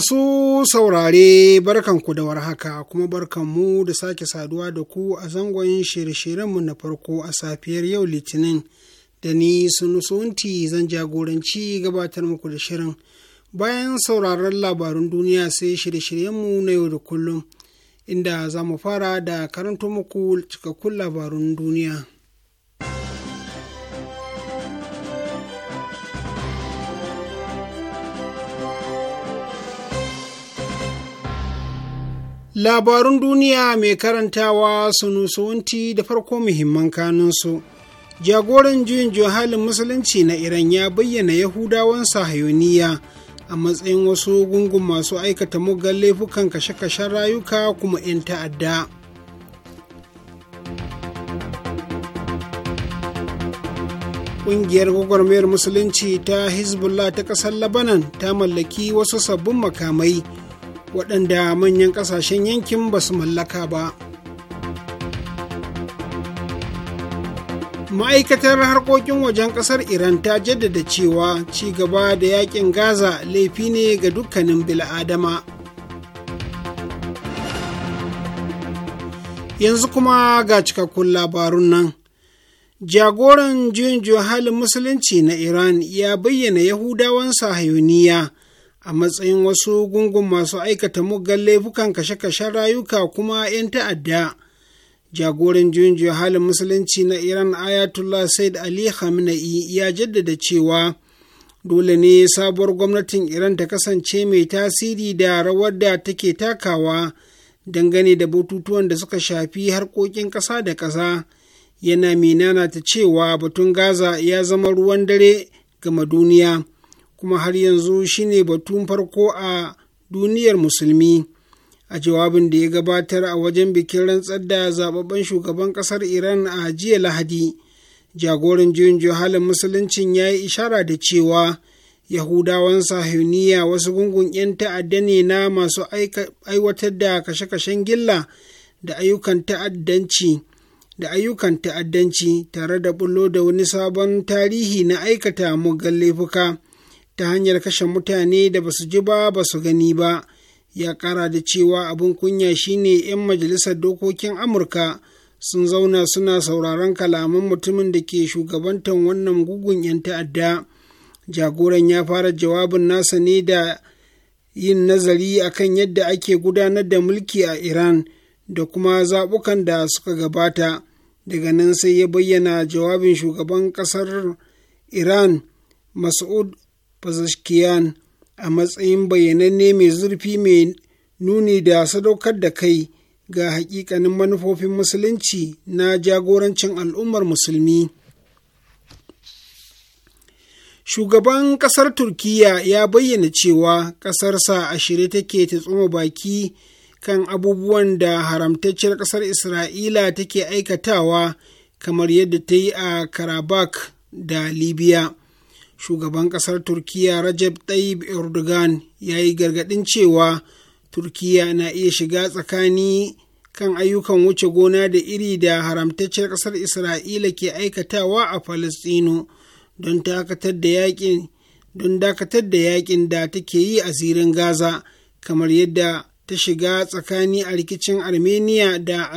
Masu saurare barkanku da warhaka kuma barkanmu da sake saduwa da ku a zangon shirye-shiryenmu na farko a safiyar yau Litinin da ni sunusunti zan jagoranci gabatar muku da shirin. Bayan sauraron labarun duniya sai shirye-shiryenmu na yau da kullum inda za mu fara da karanto muku cikakkun labarun duniya. Labarun duniya mai karantawa sunusuwanti da farko muhimman kanunsu. Jagoran juyin johalin musulunci na Iran ya bayyana Yahudawan sahayoniya a matsayin wasu gungun masu aikata muggan laifukan kashe-kashen rayuka kuma 'yan ta'adda. Ƙungiyar gwagwarmayar musulunci ta Hezbollah ta ƙasar Labanan ta mallaki wasu sabbin makamai. waɗanda manyan ƙasashen yankin ba su mallaka ba ma'aikatar harkokin wajen ƙasar iran ta jaddada cewa ci gaba da yakin gaza laifi ne ga dukkanin bil'adama yanzu kuma ga cikakkun labarun nan jagoran juyin halin musulunci na iran ya bayyana yahudawan sahayuniya a matsayin wasu gungun masu aikata muggan laifukan kashe-kashen rayuka kuma 'yan ta'adda jagoran juyin halin musulunci na iran ayatollah said ali khamenei ya jaddada cewa dole ne sabuwar gwamnatin iran ta kasance mai tasiri da rawar da take takawa dangane da batutuwan da suka shafi harkokin ƙasa da ƙasa yana minana ta cewa batun gaza ya zama ruwan dare gama duniya kuma har yanzu shine batun farko a duniyar musulmi a jawabin da ya gabatar a wajen bikin rantsar da zababben shugaban kasar iran a jiya lahadi jagoran juyin halin musuluncin ya yi ishara da cewa yahudawan sahuniya wasu gungun 'yan ta'adda ne na masu aiwatar da kashe-kashen gilla da ayyukan ta'addanci da ayyukan ta'addanci tare da bullo da wani sabon tarihi na aikata mugan laifuka ta hanyar kashe mutane da basu ji ba ba su gani ba ya kara da cewa abin kunya shine 'yan majalisar dokokin amurka sun zauna suna sauraron kalaman mutumin da ke shugabantar wannan gugun 'yan ta'adda jagoran ya fara jawabin nasa ne da yin nazari akan yadda ake gudanar da mulki a iran da kuma zaɓukan da suka gabata daga nan sai ya bayyana jawabin shugaban ƙasar iran mas'ud Fazaskiyan a matsayin bayyananne mai zurfi mai nuni da sadaukar da kai ga hakikanin manufofin musulunci na jagorancin al'ummar musulmi. Shugaban ƙasar Turkiyya ya bayyana cewa ƙasarsa a shirye take ta tsoma baki kan abubuwan da haramtacciyar ƙasar Isra'ila take aikatawa kamar yadda ta yi a Karabakh da Libya. shugaban ƙasar turkiya rajab tayyib erdogan ya yi gargaɗin cewa turkiya na iya shiga tsakani kan ayyukan wuce gona da iri da haramtacciyar ƙasar isra'ila ke aikatawa a falastino don dakatar da yakin don dakatar da yakin da take yi a zirin gaza kamar yadda ta shiga tsakani a rikicin armenia da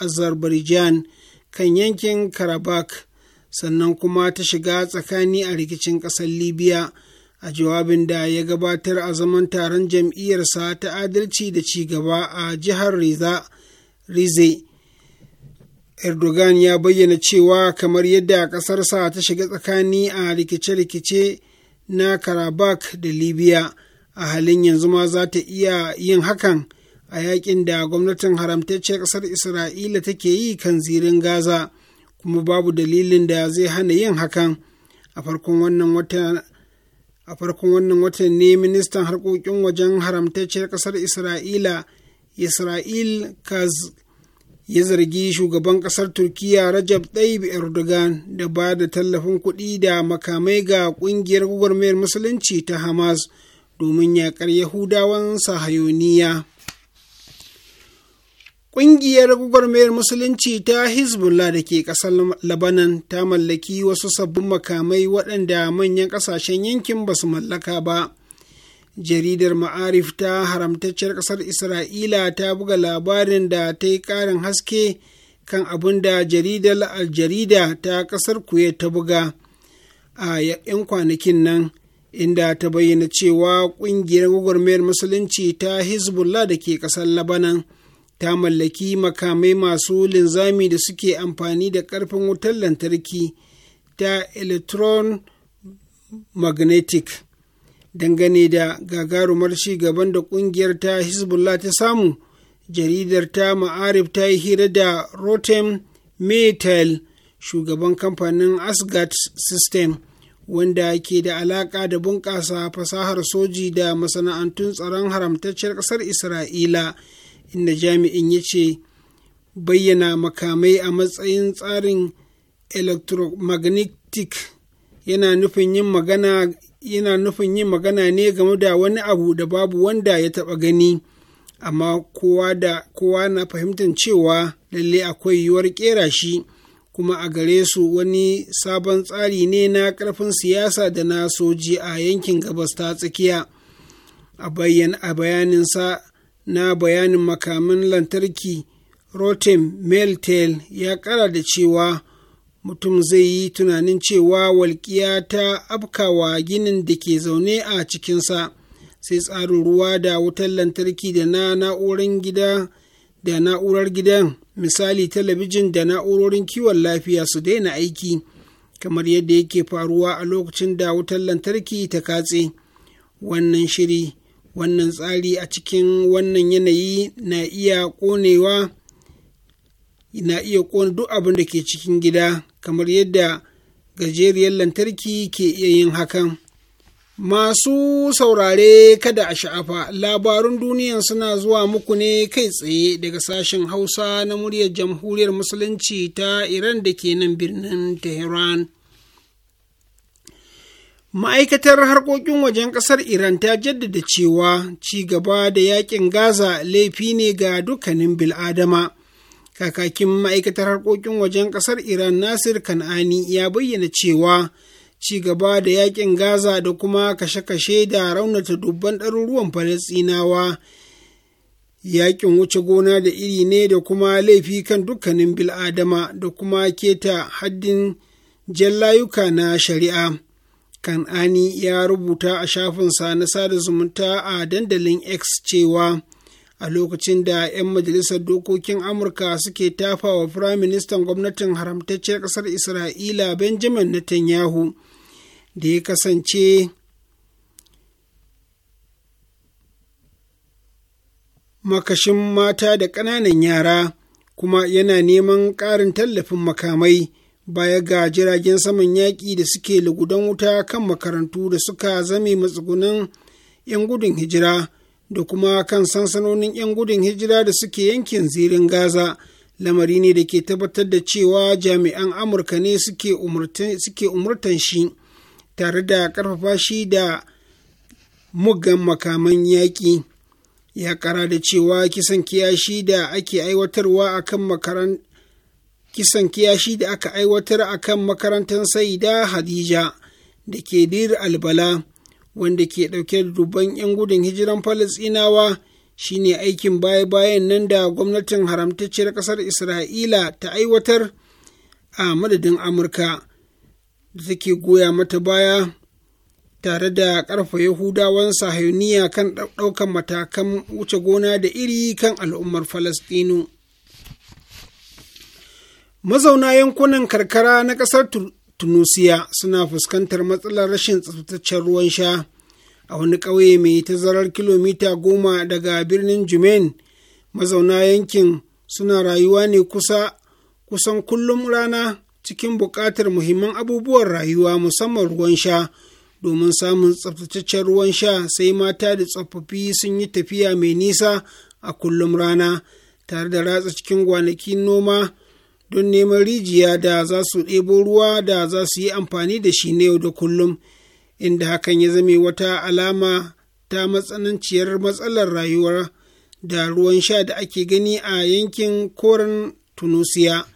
azerbaijan kan yankin karabakh sannan kuma ta shiga tsakani a rikicin ƙasar libya a jawabin da ya gabatar a zaman taron jam'iyyarsa ta adalci da cigaba a jihar rize erdogan ya bayyana cewa kamar yadda ƙasarsa ta shiga tsakani a rikice-rikice na karabak da libya a halin yanzu ma za ta iya yin hakan a yakin da gwamnatin haramtacciyar ƙasar isra'ila take yi kan zirin gaza kuma babu dalilin da zai hana yin hakan a farkon wannan wata watan ne ministan harkokin wajen haramtacciyar kasar isra'ila isra'il kaz ya zargi shugaban ƙasar turkiya rajab tayyip erdogan da ba da tallafin kuɗi da makamai ga ƙungiyar gwagwarmayar musulunci ta hamas domin yaƙar yahudawan sahayoniya Ƙungiyar gwagwarmayar Musulunci ta Hezbollah da ke ƙasar Labanan ta mallaki wasu sabbin makamai waɗanda manyan ƙasashen yankin ba su mallaka ba. Jaridar Ma'arif ta haramtacciyar ƙasar Isra'ila ta buga labarin da ta yi ƙarin haske kan abin da jaridar Aljarida ta ƙasar Kuwait ta buga a 'yan kwanakin nan. Inda ta bayyana cewa ƙungiyar gwagwarmayar musulunci ta Hezbollah da ke ƙasar Labanan ta mallaki makamai masu linzami da suke amfani da ƙarfin wutar lantarki ta electron magnetic dangane da gagarumar ci da ƙungiyar ta hezbollah ta samu jaridar ta ma'arif ta yi hira da rotem metal shugaban kamfanin asgat system wanda ke da alaƙa da bunƙasa fasahar soji da masana'antun tsaron haramtacciyar ƙasar isra'ila inda jami'in ya ce bayyana makamai a matsayin tsarin electromagnetic yana nufin yin magana yana nufin yin magana ne game da wani abu da babu wanda ya taɓa gani amma kowa da kowa na fahimtar cewa lalle akwai yiwuwar ƙera shi kuma a gare su wani sabon tsari ne na ƙarfin siyasa da na soji a yankin gabas ta tsakiya a bayanin sa. na bayanin makamin lantarki rotem meltel ya kara da cewa mutum zai yi tunanin cewa walƙiya ta afkawa ginin da ke zaune a cikinsa sai tsarin ruwa da wutar lantarki da na na'urar gida da na'urar gidan misali talabijin da na'urorin kiwon lafiya su daina aiki kamar yadda yake faruwa a lokacin da wutar lantarki ta katse wannan shiri wannan tsari a cikin wannan yanayi na iya ƙonewa na iya ƙone duk abin da ke cikin gida kamar yadda gajeriyar lantarki ke iya yin hakan masu saurare kada a sha'afa labarun duniya suna zuwa muku ne kai tsaye daga sashen hausa na muryar jamhuriyar musulunci ta iran da ke nan birnin tehran Ma'aikatar harkokin wajen ƙasar Iran ta jaddada cewa ci gaba da yakin Gaza laifi ne ga dukkanin bil'adama. Kakakin ma'aikatar harkokin wajen ƙasar Iran Nasir Kan'ani ya bayyana cewa ci gaba da yakin Gaza da kuma kashe-kashe da raunata dubban ɗaruruwan Falasɗinawa. Yakin wuce gona da iri ne da kuma laifi kan dukkanin bil'adama da kuma keta haddin layuka na shari'a. kan'ani ya rubuta a shafinsa na sada zumunta a dandalin x cewa a lokacin da 'yan majalisar dokokin amurka suke tafa wa firaministan gwamnatin haramtacciyar ƙasar isra'ila benjamin netanyahu da ya kasance makashin mata da ƙananan yara kuma yana neman ƙarin tallafin makamai baya ga jiragen saman yaƙi da suke lugudan wuta kan makarantu da suka zame matsugunan 'yan gudun hijira da kuma kan sansanonin 'yan gudun hijira da suke yankin zirin gaza lamari ne da ke tabbatar da cewa jami'an amurka ne suke umurtan shi tare da karfafa shi da muggan makaman yaƙi ya kara da cewa kisan kiyashi da ake aiwatarwa a kan kisan kiyashi da aka aiwatar a kan makarantar saida hadija da ke dir albala wanda ke ɗauke da dubban 'yan gudun hijiran falasinawa ne aikin baya-bayan nan da gwamnatin haramtacciyar ƙasar isra'ila ta aiwatar a madadin amurka da take goya mata baya tare da karfa yahudawan sahiyoniya kan ɗaukan matakan wuce gona da iri kan al'ummar falasɗinu Mazauna yankunan karkara na ƙasar Tunusiya suna fuskantar matsalar rashin tsaftataccen ruwan sha a wani ƙauye mai tazarar kilomita goma daga birnin Jumain. Mazauna yankin suna rayuwa ne kusa kusan kullum rana cikin buƙatar muhimman abubuwan rayuwa musamman ruwan sha domin samun tsaftataccen ruwan sha sai mata da tsofaffi sun yi tafiya mai nisa a kullum rana tare da ratsa cikin gwanakin noma. don neman rijiya da za su ɗebo ruwa da za su yi amfani da shi na yau da kullum inda hakan ya zame wata alama ta matsananciyar matsalar rayuwar da ruwan sha da ake gani a yankin koren tunusiya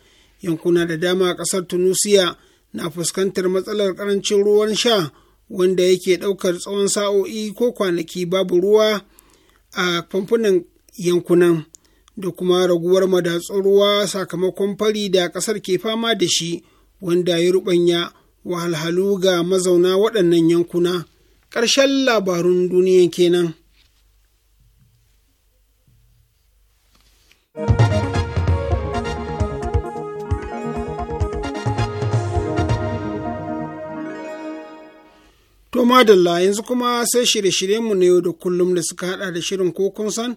yankuna da dama a ƙasar tunusiya na fuskantar matsalar ƙarancin ruwan sha wanda yake ɗaukar tsawon sa'o'i ko kwanaki babu ruwa a fanfunan yankunan da kuma raguwar madatsun ruwa sakamakon fari da ƙasar ke fama da shi wanda ya ruɓanya wahalhalu ga mazauna waɗannan yankuna ƙarshen labarun duniya kenan. To madalla yanzu kuma sai shirye-shiryenmu na yau da kullum da suka hada da shirin kokon san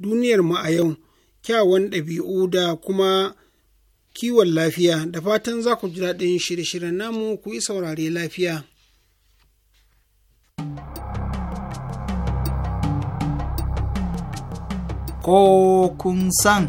duniyar mu a yau. kyawun ɗabi'u da kuma kiwon lafiya da fatan za ku ji daɗin shirye-shiryen namu ku yi saurare lafiya. Ko kun san.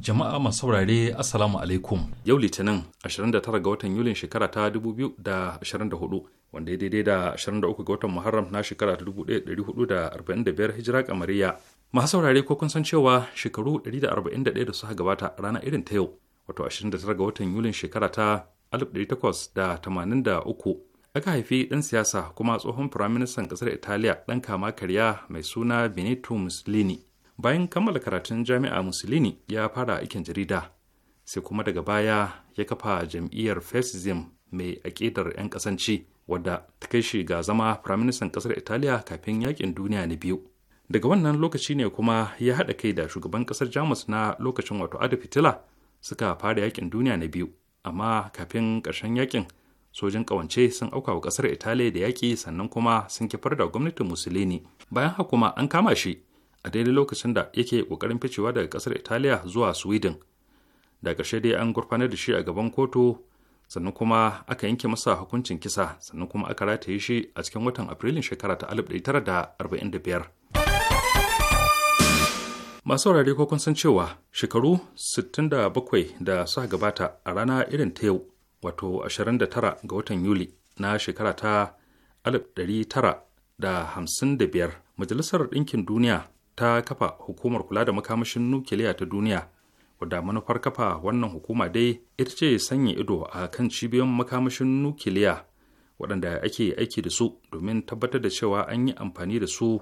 Jama'a masu saurare Assalamu alaikum. Yau Litinin 29 ga watan Yulin shekara ta 2024 wanda ya daidai da 23 ga watan Muharram na shekara ta 1445 Hijira kamariya. masu saurare ko kun san cewa shekaru 141 da suka gabata rana irin ta yau wato 29 ga watan yulin shekara ta 1883 aka haifi ɗan siyasa kuma tsohon firaministan ƙasar italiya ɗan kama karya mai suna benito mussolini bayan kammala karatun jami'a mussolini ya fara aikin jarida sai kuma daga baya ya kafa jam'iyyar fascism mai aƙidar 'yan ƙasanci wadda ta kai shi ga zama firaministan ƙasar italiya kafin yakin duniya na biyu daga wannan lokaci ne kuma ya haɗa kai da shugaban ƙasar jamus na lokacin wato adolf hitler suka fara yakin duniya na biyu amma kafin ƙarshen yakin sojin ƙawance sun auka wa ƙasar italiya da yaƙi sannan kuma sun kifar da gwamnatin musulini bayan haka kuma an kama shi a daidai lokacin da yake ƙoƙarin ficewa daga ƙasar italiya zuwa sweden da ƙarshe dai an gurfanar da shi a gaban kotu sannan kuma aka yanke masa hukuncin kisa sannan kuma aka rataye shi a cikin watan afrilun shekara ta 1945 masu saurare ko kun san cewa shekaru 67 da suka gabata a rana irin ta yau wato 29 ga watan yuli na shekara ta 1955 majalisar ɗinkin duniya ta kafa hukumar kula da makamashin nukiliya ta duniya wadda manufar kafa wannan hukuma dai ita ce sanya ido a kan cibiyoyin makamashin nukiliya waɗanda ake aiki da su domin tabbatar da cewa an yi amfani da su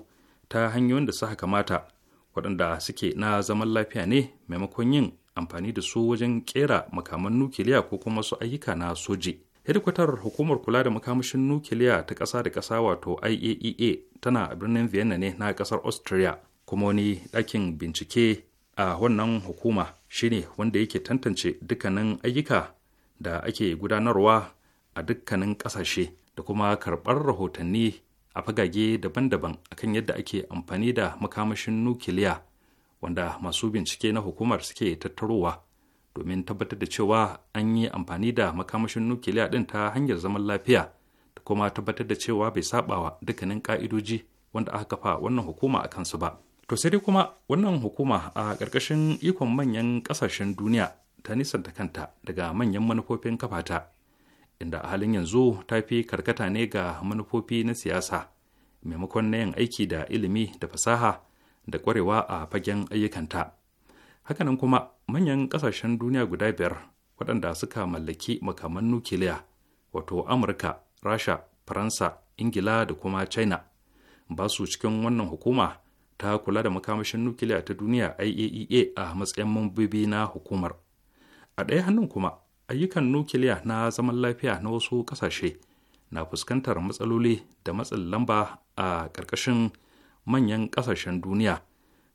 ta hanyoyin da suka kamata waɗanda suke na zaman lafiya ne maimakon yin amfani da su wajen kera makaman nukiliya ko kuma su ayyuka na soji. hedikwatar hukumar kula da makamashin nukiliya ta ƙasa da ƙasa wato iaea e tana a birnin vienna ne na ƙasar austria kuma wani ɗakin bincike a wannan hukuma shine wanda yake tantance dukkanin ayyuka da ake gudanarwa a dukkanin ƙasashe da kuma karɓar rahotanni a fagage daban-daban akan yadda ake amfani da makamashin nukiliya wanda masu bincike na hukumar suke tattarowa domin tabbatar da cewa an yi amfani da makamashin nukiliya ɗin ta hanyar zaman lafiya da kuma tabbatar da cewa bai saɓawa dukkanin ka'idoji wanda aka kafa wannan hukuma a kansu ba. To sai dai kuma wannan hukuma a ƙarƙashin ikon manyan ƙasashen duniya ta nisanta kanta daga manyan manufofin kafata inda a halin yanzu ta fi karkata ne ga manufofi na siyasa maimakon na yin aiki da ilimi da fasaha da kwarewa a fagen ayyukanta hakanan kuma manyan kasashen duniya guda biyar waɗanda suka mallaki makaman nukiliya wato amurka rasha faransa ingila da kuma china ba su cikin wannan hukuma ta kula da makamashin nukiliya ta duniya iaea e a matsayin mambobi na hukumar a ɗaya hannun kuma ayyukan nukiliya na zaman lafiya na wasu kasashe na fuskantar matsaloli da matsin lamba a ƙarƙashin manyan ƙasashen duniya da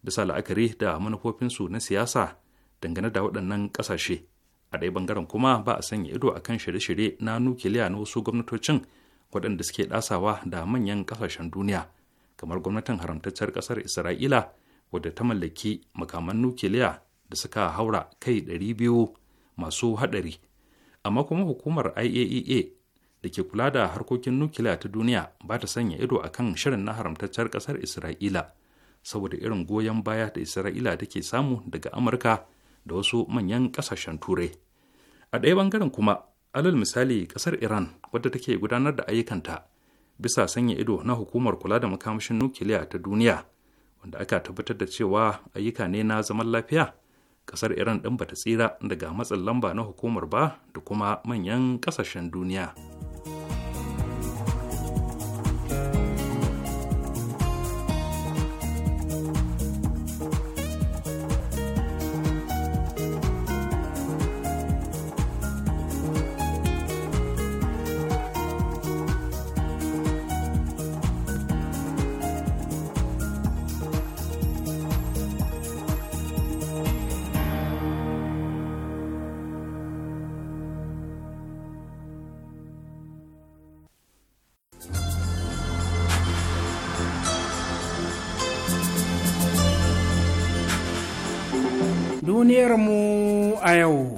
bisa la'akari da manufofinsu na siyasa dangane da waɗannan ƙasashe a ɗaya bangaren kuma ba a sanya ido akan shirye-shirye na nukiliya na wasu gwamnatocin waɗanda suke ɗasawa da manyan ƙasashen duniya kamar gwamnatin haramtaccen ƙasar isra'ila wadda ta mallaki makaman nukiliya da suka haura kai ɗari biyu. masu hadari amma kuma hukumar iaea e da ke kula da harkokin nukiliya ta duniya ba ta sanya ido a kan shirin na haramtaccen kasar isra'ila saboda irin goyon baya da isra'ila take samu daga amurka da wasu manyan kasashen turai a ɗaya bangaren kuma alal misali kasar iran wadda take gudanar da ayyukanta bisa sanya ido na hukumar kula da makamashin nukiliya ta duniya wanda aka tabbatar da cewa ayyuka ne na zaman lafiya kasar iran ɗin bata tsira daga matsin lamba na hukumar ba da kuma manyan kasashen duniya. a yau.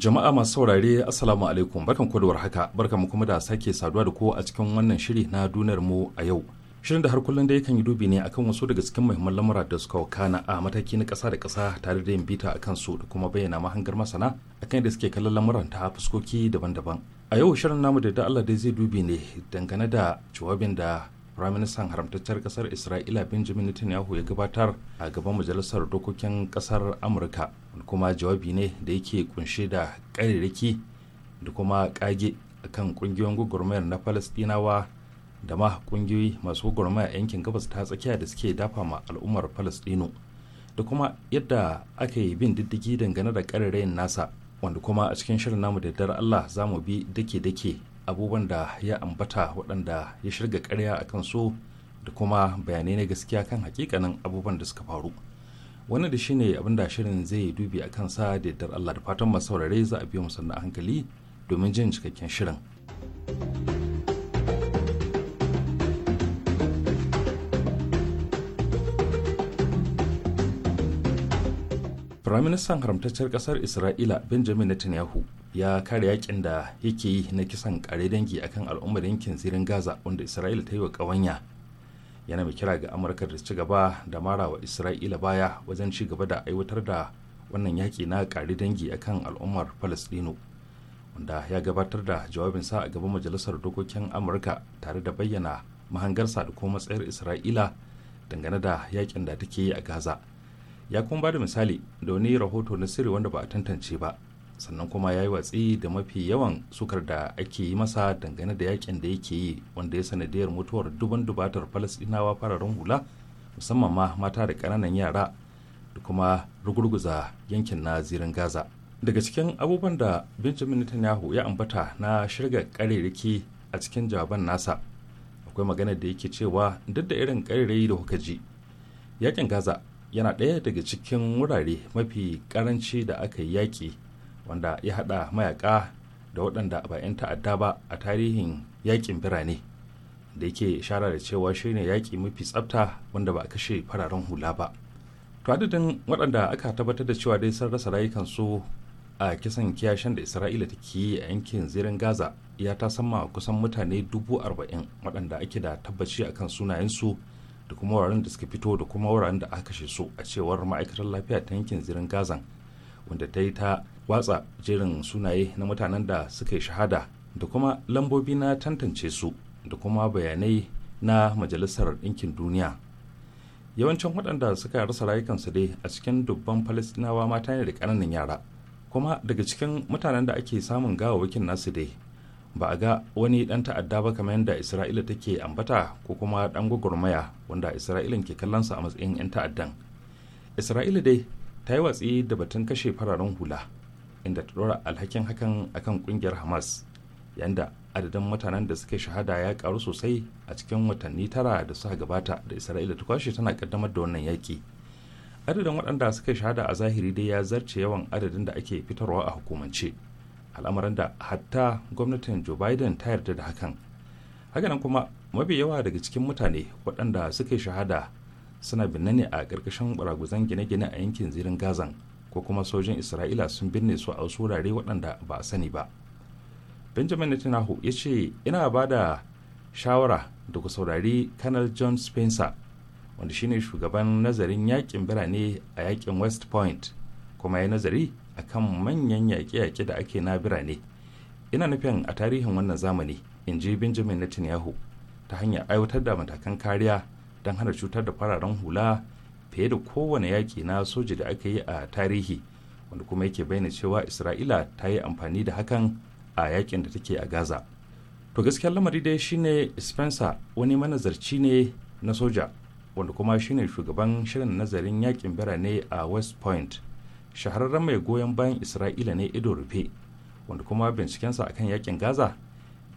Jama'a masu saurare Assalamu alaikum barkan ku haka warhaka mu kuma da sake saduwa da ku a cikin wannan shiri na dunar mu a yau. Shirin da har kullum da yakan yi dubi ne akan wasu daga cikin muhimman lamura da suka wakana a mataki na ƙasa da ƙasa tare da yin bita akan su da kuma bayyana mahangar masana akan yadda suke kallon lamuran ta fuskoki daban-daban. A yau shirin namu da Allah dai zai dubi ne dangane da jawabin da firaministan haramtacciyar kasar isra'ila benjamin netanyahu ya gabatar a gaban majalisar dokokin kasar amurka kuma jawabi ne da yake kunshe da ƙarirriki da kuma ƙage akan ƙungiyoyin gwagwarmayar na falastinawa da ma ƙungiyoyi masu gwagwarmaya yankin gabas ta tsakiya da suke dafa ma al'ummar Falastinu da kuma yadda aka yi bin diddigi dangane da ƙararrayin nasa wanda kuma a cikin shirin namu da dare Allah za mu bi dake-dake abubuwan da ya ambata waɗanda ya shirga karya a kan su da kuma bayanai na gaskiya kan hakikanin abubuwan da suka faru wani da shine abin da shirin zai yi dubi a sa da yardar allah da fatan masu saurare za a biyo musanna hankali domin jin cikakken shirin. firaministan haramtacciyar kasar isra'ila benjamin netanyahu ya kare yakin da yake yi na kisan kare dangi akan al'ummar yankin zirin gaza wanda isra'ila ta yi wa ƙawanya yana mai kira ga amurka da ci gaba da mara wa isra'ila baya wajen ci gaba da aiwatar da wannan yaƙi na kare dangi akan al'ummar palestino wanda ya gabatar da jawabinsa a gaban majalisar dokokin amurka tare da bayyana mahangarsa da kuma matsayar isra'ila dangane da yakin da take yi a gaza ya kuma ba da misali da wani rahoto na sirri wanda ba a tantance ba sannan kuma ya yi watsi da mafi yawan sukar da ake yi masa dangane da yakin da yake yi wanda ya sanadiyar mutuwar duban dubatar falasɗinawa fararen hula musamman ma mata da ƙananan yara da kuma rugurguza yankin na zirin gaza daga cikin abubuwan da benjamin netanyahu ya ambata na shirga ƙarerriki a cikin jawaban nasa akwai magana da yake cewa duk da irin ƙarerayi da kuka ji yakin gaza yana ɗaya daga cikin wurare mafi karanci da aka yi yaƙi wanda ya haɗa mayaƙa da waɗanda ba 'yan ta'adda ba a tarihin yaƙin birane da yake shara da cewa shine yaƙi mafi tsafta wanda ba a kashe fararen hula ba to adadin waɗanda aka tabbatar da cewa dai sun rasa rayukansu a kisan kiyashin da isra'ila ta ke yi a yankin zirin gaza ya ta sama kusan mutane dubu arba'in waɗanda ake da tabbaci akan sunayensu da kuma wuraren da suka fito da kuma wuraren da aka kashe su a cewar ma'aikatar lafiya ta yankin zirin gazan wanda ta yi ta watsa jerin sunaye na mutanen da suka yi shahada da kuma lambobi na tantance su da kuma bayanai na majalisar ɗinkin duniya yawancin waɗanda suka rasa rayukansu dai a cikin dubban falastinawa mata ne da ƙananan yara kuma daga cikin mutanen da ake samun gawawakin nasu dai ba a ga wani dan ta'adda ba kamar yadda isra'ila take ambata ko kuma dan gwagwarmaya wanda isra'ilan ke kallon su a matsayin 'yan ta'addan isra'ila dai ta yi watsi da batun kashe fararen hula inda ta dora alhakin hakan akan kungiyar hamas yadda adadin mutanen da suke shahada ya karu sosai a cikin watanni tara da suka gabata da isra'ila ta kwashe tana kaddamar da wannan yaki adadin waɗanda suka shahada a zahiri dai ya zarce yawan adadin da ake fitarwa a hukumance al'amuran da hatta gwamnatin joe biden ta yarda da hakan hakanan kuma mafi yawa daga cikin mutane waɗanda suka yi shahada suna binne ne a ƙarƙashin ɓaraguzan gine-gine a yankin zirin gazan ko kuma sojin isra'ila sun binne su a wasu wurare waɗanda ba a sani ba benjamin netanyahu ya ce ina ba da shawara da ku saurari kanal john spencer wanda shine shugaban nazarin yakin birane a yakin west point kuma ya nazari a kan manyan yaƙe-yaƙe da ake na birane ina nufin a tarihin wannan zamani in ji benjamin netanyahu ta hanyar aiwatar da matakan kariya don hana cutar da fararen hula fiye da kowane yaƙi na soji da aka yi a tarihi wanda kuma yake bayyana cewa isra'ila ta yi amfani da hakan a yaƙin da take a gaza to gaskiyar lamari dai shine spencer wani manazarci ne na soja wanda kuma shine shugaban shirin nazarin yakin birane a west point shahararren mai goyon bayan isra'ila ne ido rufe wanda kuma bincikensa akan yakin gaza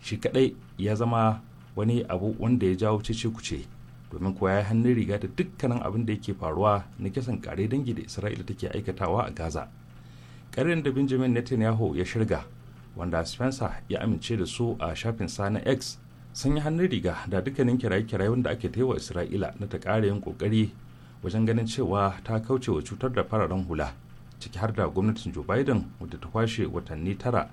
shi kadai ya zama wani abu wanda ya jawo cece kuce domin kuwa ya yi hannun riga da dukkanin abin da yake faruwa na kisan kare dangi da isra'ila take aikatawa a gaza karin da benjamin netanyahu ya shirga wanda spencer ya amince da su a shafin sa na x sun yi hannun riga da dukkanin kiraye-kiraye wanda ake taiwa isra'ila na ta kare yin kokari wajen ganin cewa ta kauce wa cutar da fararen hula ciki har da gwamnatin joe biden wadda ta kwashe watanni tara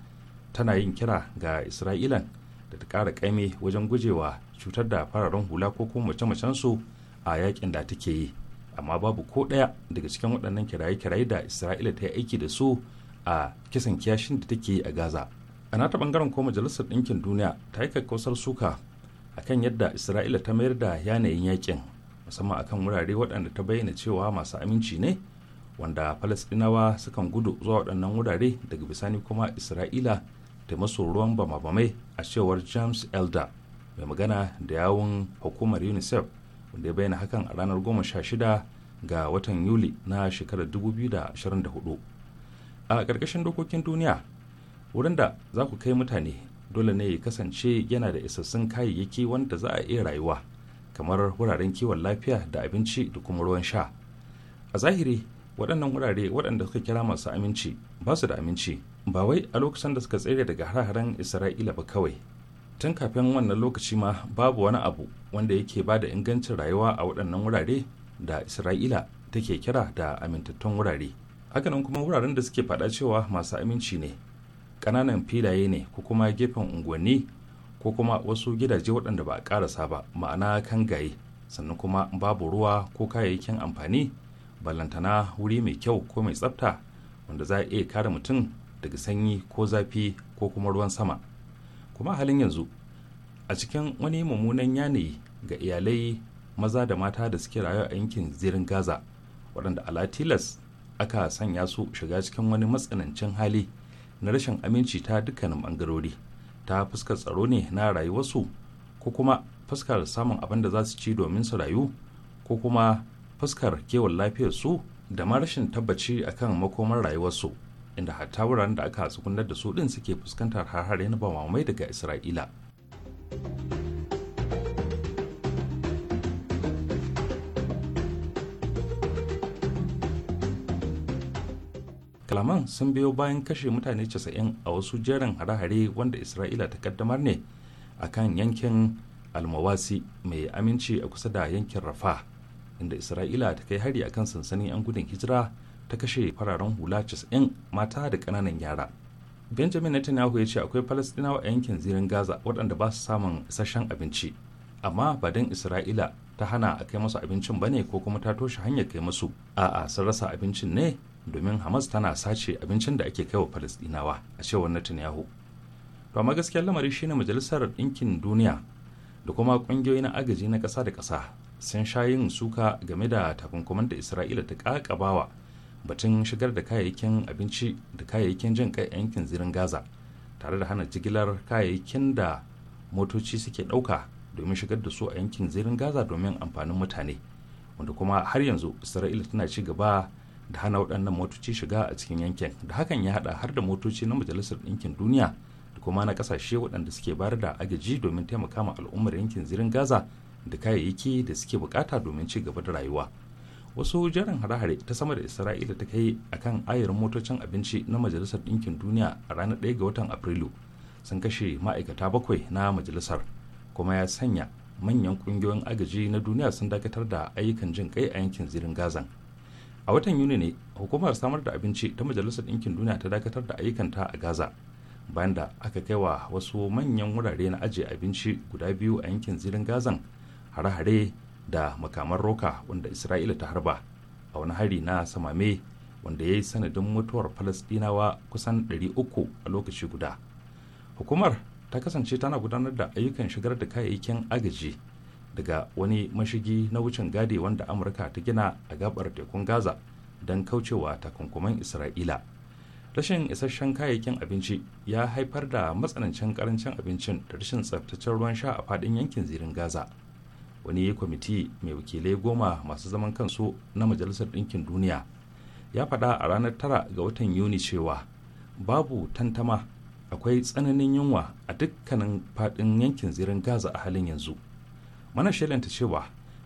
tana yin kira ga isra'ilan da ta kara ƙaime wajen gujewa cutar da fararen hula ko kuma mace macensu a yakin da take yi amma babu ko ɗaya daga cikin waɗannan kiraye-kiraye da isra'ila ta yi aiki da su a kisan kiyashin da take yi a gaza a nata ɓangaren ko majalisar ɗinkin duniya ta yi kakkausar suka akan yadda isra'ila ta mayar da yanayin yakin musamman akan wurare waɗanda ta bayyana cewa masu aminci ne wanda falasɗinawa sukan gudu zuwa waɗannan wurare daga bisani kuma isra'ila ta maso ruwan bama-bamai a cewar james elder mai magana da yawon hukumar unicef wanda ya bayyana hakan a ranar 16 ga watan yuli na shekarar 2024 a ƙarƙashin dokokin duniya wurin da za ku kai mutane dole ne ya kasance yana da isassun kayayyaki wanda za a iya rayuwa kamar wuraren kiwon lafiya da abinci da kuma ruwan sha a zahiri waɗannan wurare waɗanda suka kira masu aminci ba su da aminci ba wai a lokacin da suka tsere daga har-haren isra'ila ba kawai tun kafin wannan lokaci ma babu wani abu wanda yake ba da ingancin rayuwa a waɗannan wurare da isra'ila take kira da amintattun wurare hakanan kuma wuraren da suke faɗa cewa masu aminci ne ƙananan filaye ne ko kuma gefen unguwanni ko kuma wasu gidaje waɗanda ba a ƙarasa ba ma'ana kan gaye sannan kuma babu ruwa ko kayayyakin amfani ballantana wuri mai kyau ko mai tsafta wanda za a iya kare mutum daga sanyi ko zafi ko kuma ruwan sama kuma halin yanzu a cikin wani mummunan yanayi ga iyalai maza da mata da suke rayuwa a yankin zirin gaza waɗanda ala aka sanya su shiga cikin wani matsanancin hali na rashin aminci ta dukkanin ɓangarori ta fuskar tsaro ne na rayuwarsu ko kuma fuskar samun abin da za su ci domin su rayu ko kuma fuskar kewan lafiyar su da ma rashin tabbaci akan makomar rayuwarsu inda hatta wuraren da aka tsukunar da su din suke fuskantar harhare na bamamai daga isra'ila kalaman sun biyo bayan kashe mutane 90 a wasu jerin hare-hare wanda isra'ila ta kaddamar ne akan yankin almawasi mai aminci a kusa da yankin rafa inda isra'ila ta kai hari akan sansanin 'yan gudun hijira ta kashe fararen hula 90 mata da kananan yara benjamin netanyahu ya ce akwai falastinawa a yankin zirin gaza waɗanda ba su samun isasshen abinci amma ba don isra'ila ta hana a kai masu abincin ba ne ko kuma ta toshe hanyar kai masu a'a sun rasa abincin ne domin hamas tana sace abincin da ake kai wa falastinawa a cewar netanyahu to amma gaskiyar lamari shine majalisar ɗinkin duniya da kuma ƙungiyoyi na agaji na ƙasa da ƙasa sun sha yin suka game da takunkuman da isra'ila ta kakabawa batun shigar da kayayyakin abinci da kayayyakin jin kai yankin zirin gaza tare da hana jigilar kayayyakin da motoci suke ɗauka domin shigar da su a yankin zirin gaza domin amfanin mutane wanda kuma har yanzu isra'ila tana ci gaba da hana waɗannan motoci shiga a cikin yankin da hakan ya haɗa har da motoci na majalisar ɗinkin duniya da kuma na ƙasashe waɗanda suke bayar da agaji domin taimaka ma al'ummar yankin zirin gaza da kayayyaki da suke bukata domin ci gaba da rayuwa wasu jarin hare-hare ta sama da isra'ila ta kai akan ayarin motocin abinci na majalisar ɗinkin duniya a ranar 1 ga watan afrilu sun kashe ma'aikata bakwai na majalisar kuma ya sanya manyan ƙungiyoyin agaji na duniya sun dakatar da ayyukan jin kai a yankin zirin gazan a watan yuni ne hukumar samar da abinci ta majalisar ɗinkin duniya ta dakatar da ayyukanta a gaza bayan da aka kai wa wasu manyan wurare na ajiye abinci guda biyu a yankin zirin gazan hare-hare da makaman roka wanda isra'ila ta harba a wani hari na samame wanda ya yi sanadin mutuwar falasdinawa kusan 300 a lokaci guda hukumar ta kasance tana gudanar da ayyukan shigar da kayayyakin agaji daga wani mashigi na wucin gadi wanda amurka ta gina a gabar tekun gaza don kaucewa takunkuman isra'ila rashin isasshen kayayyakin abinci ya haifar da matsanancin karancin abincin da rashin tsaftacen ruwan sha a faɗin yankin zirin gaza wani kwamiti mai wakilai goma masu zaman kansu na majalisar ɗinkin duniya ya faɗa a ranar tara ga watan yuni cewa babu tantama akwai tsananin yunwa a dukkanin faɗin yankin zirin gaza a halin yanzu mana shelanta cewa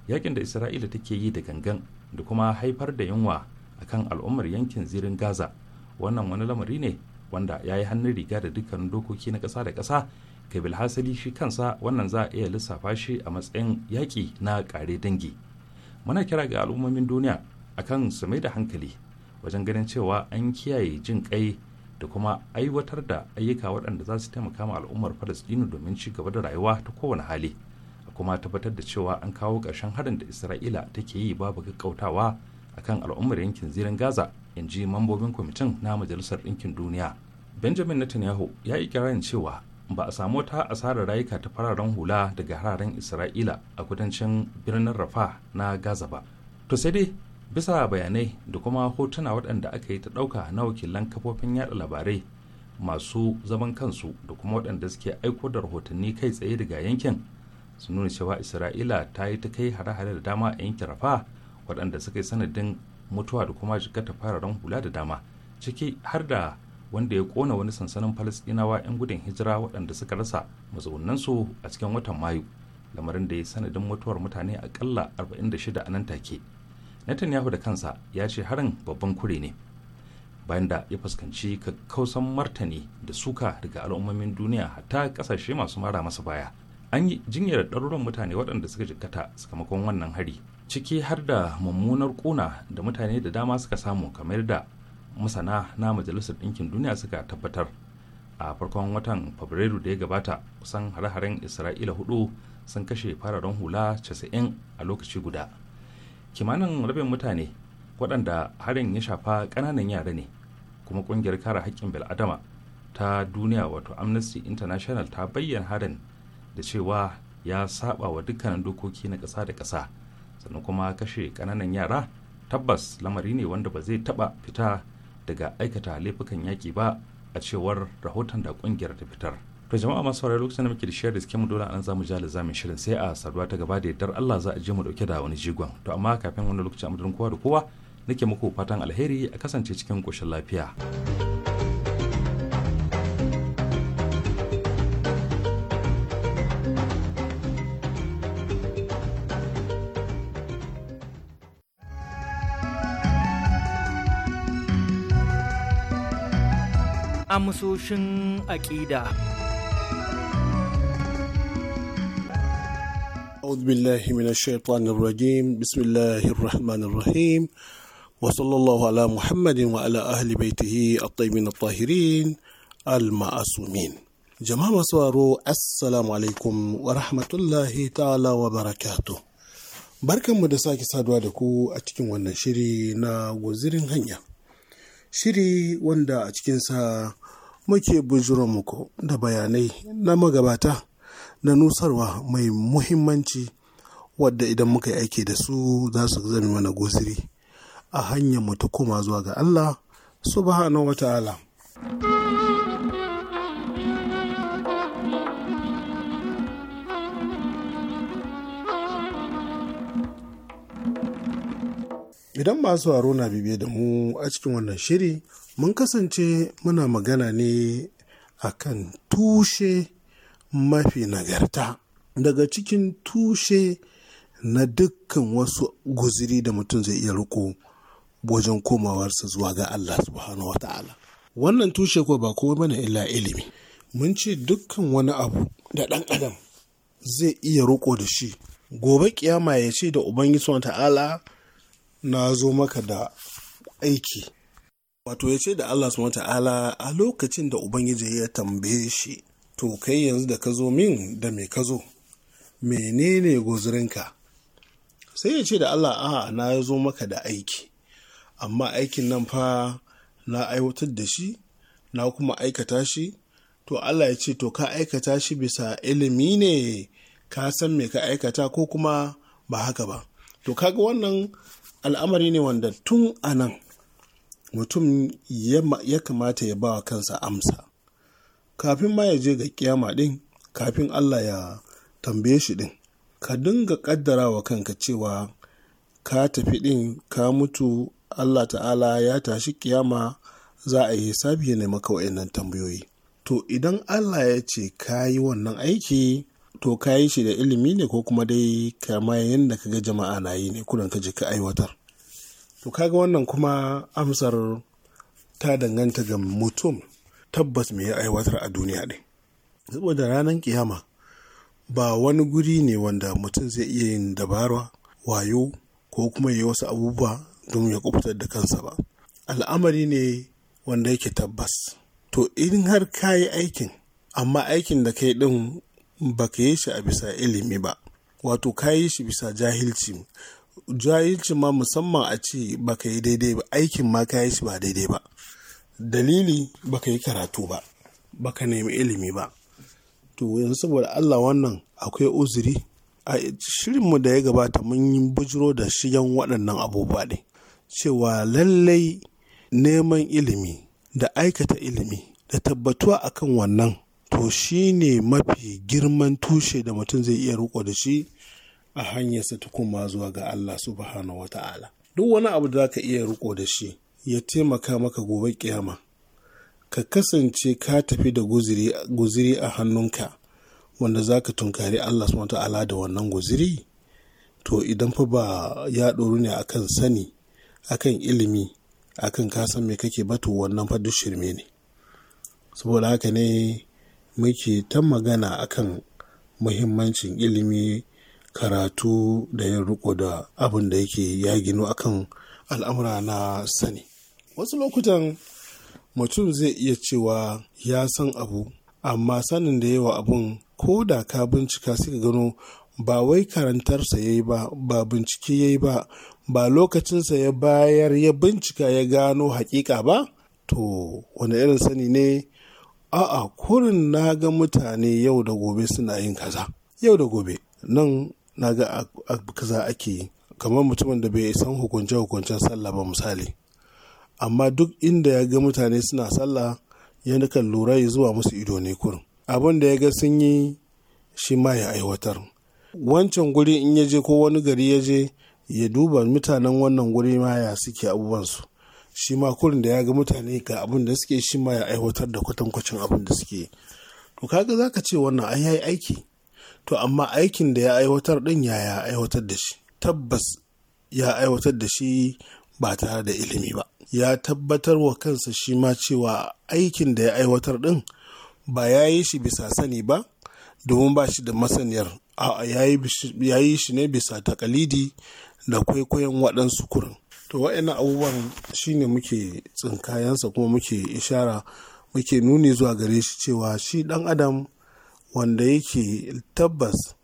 yakin da isra'ila take yi da gangan da kuma haifar da yunwa akan al'ummar yankin zirin gaza wannan wani lamari ne wanda ya yi hannun riga da dukkanin dokoki na ƙasa da ƙasa kai bilhassali shi kansa wannan za a iya lissafa shi a matsayin yaƙi na ƙare dangi muna kira ga al'ummomin duniya akan su mai da hankali wajen ganin cewa an kiyaye jin kai da kuma aiwatar da ayyuka waɗanda za su taimaka ma al'ummar falastinu domin ci gaba da rayuwa ta kowane hali a kuma tabbatar da cewa an kawo ƙarshen harin da isra'ila take yi babu gaggautawa akan al'ummar yankin zirin gaza in ji mambobin kwamitin na majalisar ɗinkin duniya benjamin netanyahu ya yi kirarin cewa ba a samu wata asarar rayuka ta fararen hula daga hararen isra'ila a kudancin birnin rafa na gaza ba to sai dai bisa bayanai da kuma hotuna waɗanda aka yi ta ɗauka na wakilan kafofin yada labarai masu zaman kansu da kuma waɗanda suke aiko da rahotanni kai tsaye daga yankin su nuna cewa isra'ila ta yi ta kai hare-hare da dama a yankin rafa waɗanda suka yi sanadin mutuwa da kuma shiga ta fararen hula da dama ciki har da wanda ya kona wani sansanin falasɗinawa 'yan gudun hijira waɗanda suka rasa mazauninsu a cikin watan mayu lamarin da ya sanadin mutuwar mutane akalla 46 a nan take netanyahu da kansa ya ce harin babban kure ne bayan da ya fuskanci kakkausan martani da suka daga al'ummomin duniya hatta kasashe masu mara masa baya an yi jinyar ɗaruran mutane waɗanda suka jikkata sakamakon wannan hari ciki har da mummunar kuna da mutane da dama suka samu kamar da masana na majalisar ɗinkin duniya suka tabbatar a farkon watan fabrairu da ya gabata kusan hare-haren isra'ila hudu sun kashe fararen hula 90 a lokaci guda kimanin rabin mutane waɗanda harin ya shafa ƙananan yara ne kuma ƙungiyar kare haƙƙin bil'adama ta duniya wato amnesty international ta bayyana harin da cewa ya saba wa dukkanin dokoki na ƙasa da ƙasa sannan kuma kashe ƙananan yara tabbas lamari ne wanda ba zai taɓa fita daga aikata laifukan yaƙi ba a cewar rahoton da ƙungiyar ta fitar to jama'a masu saurari lokacin da muke da shirin da suke mu dole an zamu ji zamin shirin sai a saduwa ta gaba da yardar Allah za a je mu dauke da wani jigon to amma kafin wani lokaci a madadin kowa da kowa nake muku fatan alheri a kasance cikin koshin lafiya. amsoshin aƙida. أعوذ بالله من الشيطان الرجيم بسم الله الرحمن الرحيم وصلى الله على محمد وعلى أهل بيته الطيبين الطاهرين المعصومين جماعة سوارو السلام عليكم ورحمة الله تعالى وبركاته barkanmu da sake saduwa da ku a cikin wannan shiri na guzirin hanya shiri wanda a cikinsa muke bujuro muku da bayanai na magabata na nusarwa mai muhimmanci wadda idan muka yi aiki da su za su zama mana gosiri a hanyar mu ta koma zuwa ga Allah subhanahu wa ta'ala. Idan masu sauraro na bibiye da mu a cikin wannan shiri, mun kasance muna magana ne a kan tushe mafi nagarta. Daga cikin tushe na dukkan wasu guziri da mutum zai iya riko wajen komawarsa zuwa ga Allah subhanahu wa ta'ala. Wannan tushe ko ba kowa mana illa ilimi. Mun ce dukkan wani abu da ɗan adam zai iya riko da shi. Gobe kiyama ya ce da Ubangiji ta'ala na zo maka da aiki wato ya ce da Allah su ta'ala a lokacin da ubangiji ya tambaye shi to kai yanzu da ka zo min da me ka zo menene guzurinka sai ya ce da Allah a na zo maka da aiki amma aikin nan fa na aiwatar da shi na kuma aikata shi to Allah ya ce to ka aikata shi bisa ilimi ne ka san me ka aikata ko kuma ba haka ba to kaga wannan al'amari ne wanda tun a nan mutum ya kamata ya bawa kansa amsa kafin ma ya je ga kiyama ɗin kafin allah ya tambaye shi ɗin ka dinga ƙaddara wa kanka cewa ka tafi ɗin ka mutu allah ta'ala ya tashi kiyama za a yi sabi ya nema kawai nan tambayoyi to idan allah ya ce ka yi wannan aiki to ka yi shi da ilimi ne ko kuma dai kama yadda ka ga jama'a na yi ne kudan ka je ka aiwatar to kaga wannan kuma amsar ta danganta ga mutum tabbas mai ya aiwatar a duniya ne saboda ranar kiyama ba wani guri ne wanda mutum zai iya yin dabara wayo ko kuma yi wasu abubuwa don ya kubutar da kansa ba al'amari ne wanda yake tabbas to in har ka yi aikin amma aikin da kai din ba ka yi shi a bisa ilimi ba wato ka yi shi bisa jahilci jahilci ma musamman a ce ba ka yi daidai ba aikin ma ka yi shi ba daidai ba dalili ba ka yi karatu ba ba ka nemi ilimi ba to yanzu saboda allah wannan akwai uzuri a shirinmu da ya gabata mun yi bujiro da shigan waɗannan abubuwa ne cewa lallai neman ilimi da aikata ilimi da tabbatuwa akan wannan to shi ne mafi girman tushe da mutum zai iya riko da shi a hanyarsa ta zuwa ga Allah subhanahu wa ta'ala duk wani abu da ka iya riko da shi ya taimaka maka gobe kiyama ka kasance ka tafi da guziri a hannunka wanda zaka tunkari Allah subhanahu wa ta'ala da wannan guziri to idan fa ba ya doru ne akan sani akan ilimi akan kasan me kake ba to wannan fa duk shirme ne saboda haka ne muke ta magana akan muhimmancin ilimi karatu da yin riko da abin da yake ya ginu akan al'amura na sani wasu lokutan mutum zai iya cewa ya san abu amma sanin da yawa abun ko da ka bincika suka gano ba wai karantarsa ya yi ba ba bincike ya yi ba ba lokacinsa ya bayar ya bincika ya gano hakika ba to wani irin sani ne a'a kurin na ga mutane yau da gobe suna yin kaza yau da gobe nan na ga kaza ake yi kamar mutumin da bai san hukunce hukuncen sallah ba misali amma duk inda ya ga mutane suna sallah ya kan lura ya zuwa musu ido ne kurin abin da ya ga sun yi shi ma ya aiwatar wancan guri in ya je ko wani gari ya je ya duba mutanen wannan guri ma ya suke abubuwansu shi ma kurin da ya ga mutane ga abin da suke shi ma ya aiwatar da kwatankwacin abin da suke to kaga zaka ce wannan an yayi aiki to amma aikin da ya aiwatar din ya ya aiwatar da shi tabbas ya aiwatar da shi ba tare da ilimi ba ya tabbatar wa kansa shi ma cewa aikin da ya aiwatar din ba ya yi shi bisa sani ba domin ba shi da masaniyar a yayi yi shi ne bisa takalidi da kwaikwayon waɗansu kurin to wa'annan abubuwan shine muke tsinkayensa kuma muke ishara muke nuni zuwa gare shi cewa shi dan adam wanda yake tabbas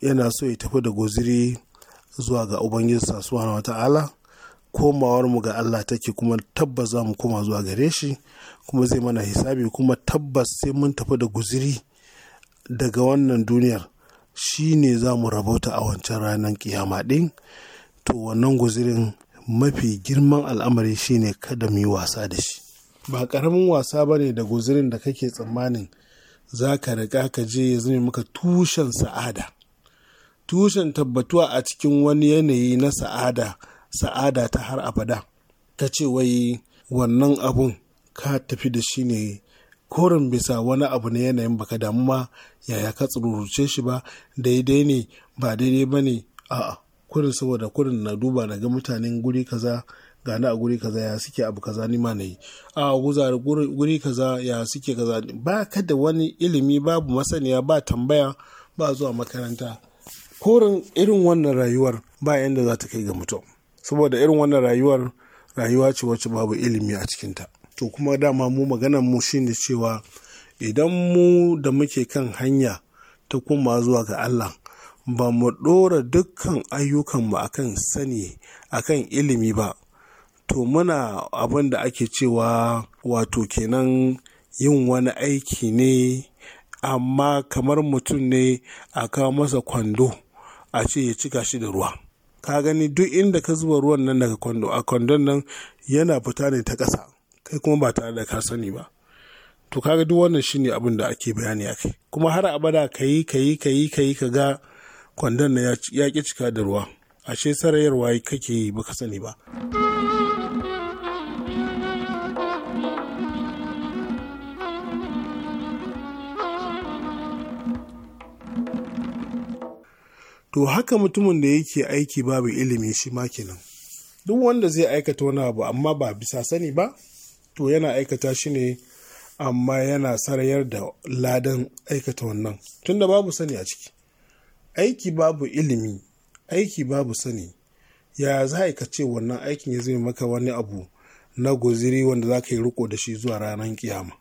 yana so ya tafi da guziri zuwa ga ubangijinsa subhanahu wata'ala komawar mu ga Allah take kuma tabbas za mu koma zuwa gare shi kuma zai mana hisabi kuma tabbas sai mun tafi da guziri daga wannan duniyar shi ne za mu rabauta a wancan ranar kiyama ɗin to wannan guzirin mafi girman al'amari shine kada mu yi wasa da shi ba karamin wasa ba ne da guzirin da kake tsammanin za ka riƙa ka je ya zame maka tushen sa'ada tushen tabbatuwa a cikin wani yanayi na sa'ada sa'ada ta har abada ka ce wai wannan abun ka tafi da shi ne korin bisa wani abu na yanayin baka damu ma yaya ka tsururuce shi ba daidai ne ba daidai ba ne a'a kurin saboda kurin na duba na ga mutanen guri kaza ga a guri kaza ya suke abu kaza ni ma na yi a guzar guri kaza ya suke kaza ba ka da wani ilimi babu masaniya ba tambaya ba zuwa makaranta korin irin wannan rayuwar ba yadda za ta kai ga mutum saboda irin wannan rayuwar rayuwa ce wacce babu ilimi a cikinta to kuma dama mu maganar mu shine cewa idan mu da muke kan hanya ta kuma zuwa ga Allah ba mu ɗora dukkan ayyukanmu a kan sani a kan ilimi ba to muna abin da ake cewa wato kenan yin wani aiki ne amma kamar mutum ne a kawo masa kwando a ce ya cika shi da ruwa ka gani duk inda ka zuba ruwan nan daga kwando a kwandon nan yana fita ne ta ƙasa kai kuma ba tare da ka sani ba to kaga duk wannan shine abin da ake bayani a kai. kuma har abada kayi kayi kayi kayi ka ga kwandon na ya ki cika da ruwa ashe sarayarwa kake yi baka sani ba to haka mutumin da yake aiki babu ilimi shi ma duk wanda zai aikata wani abu amma ba bisa sani ba to yana aikata shi ne amma yana sarayar da ladan aikata wannan tunda babu sani a ciki aiki babu ilimi aiki babu sani ya za ka ce wannan aikin ya zai maka wani abu na guziri wanda za ka yi riko da shi zuwa ranar kiyama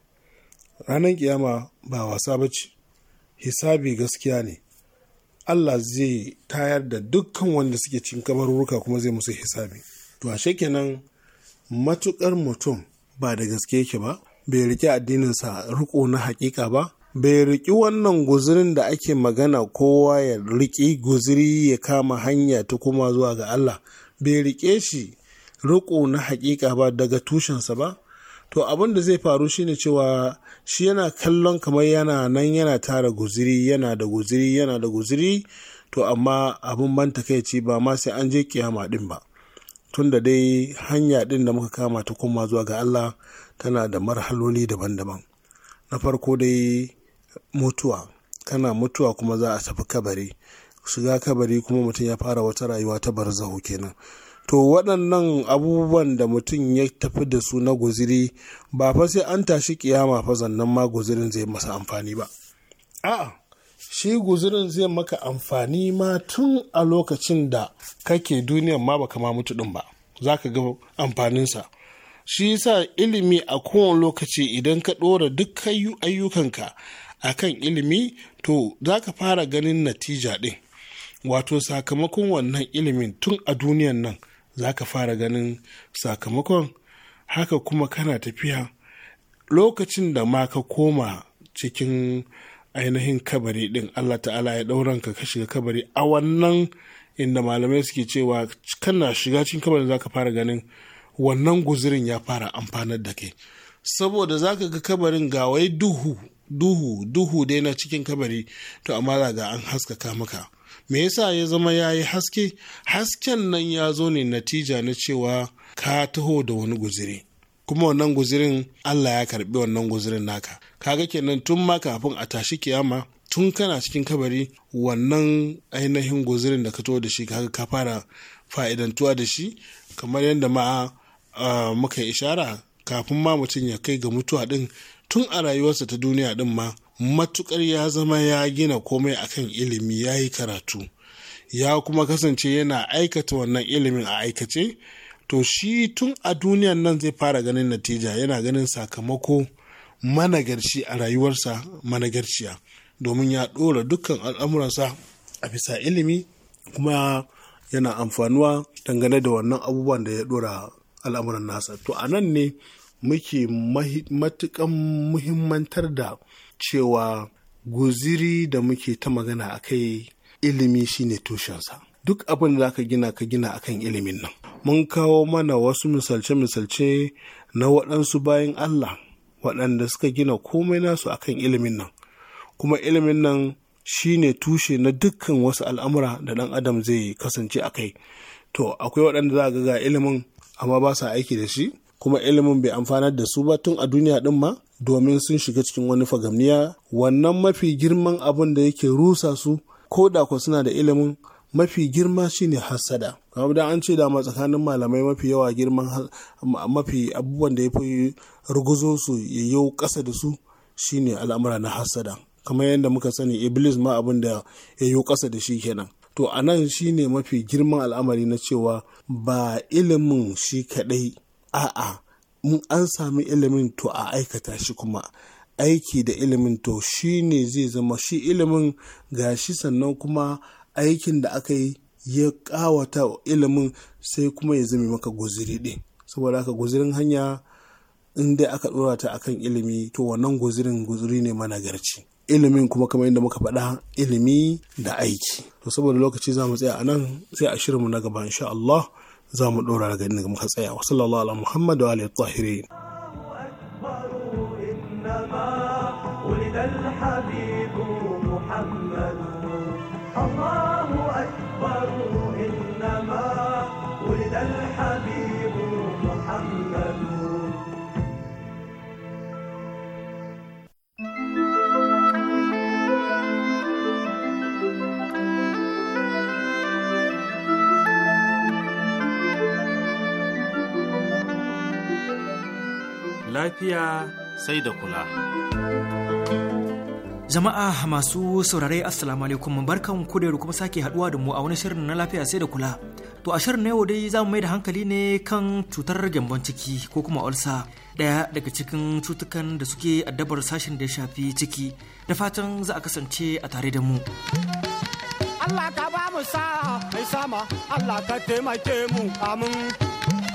ranar kiyama ba wasa ba ce hisabi gaskiya ne allah zai tayar da dukkan wanda suke cikin kabarurruka kuma zai musu hisabi to ashe kenan matukar mutum ba da gaske yake ba bai rike addininsa riko na hakika ba bai riƙi wannan guzurin da ake magana kowa ya riƙi guziri ya kama hanya ta kuma zuwa ga Allah bai riƙe shi riƙo na haƙiƙa ba daga tushensa ba to abin da zai faru shine cewa shi yana kallon kamar yana nan yana tara guziri yana da guziri yana da guziri to amma abin ban takaici ba ma sai an je kiyama din ba Tun da dai hanya din da muka kama ta kuma zuwa ga Allah tana da marhaloli daban-daban na farko dai mutuwa kana mutuwa kuma za a tafi kabari shiga kabari kuma mutum ya fara wata rayuwa ta barzahu kenan to waɗannan abubuwan da mutum ya tafi da su na guziri ba fa sai an tashi kiyama fa zannan ma guzirin zai masa amfani ba a'a shi guzirin zai maka amfani ma tun a lokacin da kake duniyan ma baka ma mutu din ba za ka ga amfaninsa shi yasa ilimi a kowane lokaci idan ka ɗora duk ayyukanka A kan ilimi to za ka fara ganin natija ɗin wato sakamakon wannan ilimin tun a duniyan nan za ka fara ganin sakamakon haka kuma kana tafiya lokacin da ma ka koma cikin ainihin kabari ɗin allah ta'ala ya ɗauran ka shiga kabari a wannan inda malamai suke cewa kana shiga cikin kabarin za ka fara ganin wannan guzirin ya fara amfanar da kai saboda za ka ga kabarin ga wai duhu duhu duhu dai na cikin kabari to amma ga an haskaka maka me yasa ya zama ya yi haske hasken nan ya zo ne natija na cewa ka taho da wani guziri kuma wannan guzirin allah ya karbi wannan guzirin naka kaga kenan tun ma kafin a tashi kiyama tun kana cikin kabari wannan ainihin guzirin da ka taho da shi kaga ka fara fa'idantuwa da shi kamar yadda ma ah, muka ishara kafin ma mutum ya kai ga mutuwa din tun a rayuwarsa ta duniya din ma matukar ya zama ya gina komai akan ilimi ya yi karatu ya kuma kasance yana aikata wannan ilimin a aikace to shi tun a duniyan nan zai fara ganin natija yana ganin sakamako managarci a rayuwarsa managarciya domin ya ɗora dukkan al'amuransa a bisa ilimi kuma yana amfanuwa dangane da wannan abubuwan da ya ɗora al'amuran nasa to a nan ne muke matukan muhimmantar da cewa guziri da muke ta magana a kai ilimi shine tushensa duk abin da ka gina ka gina akan ilimin nan mun kawo mana wasu misalce-misalce na waɗansu bayan allah waɗanda suka gina komai nasu akan ilimin nan kuma ilimin nan shine tushe na dukkan wasu al'amura da ɗan adam zai kasance a kai to akwai waɗanda za ga ilimin amma ba sa aiki da shi kuma ilimin bai amfanar da su ba tun a duniya din ma domin sun shiga cikin wani fagamniya wannan mafi girman abin da yake rusa su ko da ku suna da ilimin mafi girma shine hassada, kamar da an ce da tsakanin malamai mafi yawa girman mafi abubuwan da ya fi ruguzo su ya yi ƙasa da su shine al'amura na hassada. kamar yadda muka sani iblis ma abin da ya yi ƙasa da shi kenan to anan shine mafi girman al'amari na cewa ba ilimin shi kadai. a'a in an sami ilimin to a aikata shi kuma aiki da ilimin to shi ne zai zama shi ilimin gashi sannan kuma aikin da aka yi ya kawata ilimin sai kuma ya zami maka guziri ɗin saboda haka guzirin hanya in dai aka ɗora ta akan ilimi to wannan guzirin guziri ne managarci ilimin kuma kamar yadda muka faɗa ilimi da aiki to saboda lokaci za mu tsaya a nan sai a shirinmu na gaba insha Allah za mu ɗora daga inda muka tsaya wa sallallahu ala muhammadu wa alihi tahirin Allah lafiya sai da kula. Jama'a masu saurare Assalamu alaikum barkan ku da kuma sake haduwa da mu a wani shirin na lafiya sai da kula. To a shirin na yau dai za mu mai da hankali ne kan cutar gyambon ciki ko kuma ulsa daya daga cikin cutukan da suke addabar sashen da ya shafi ciki da fatan za a kasance a tare da mu. Allah ka ba mu sa mai sama Allah ka taimake mu amin.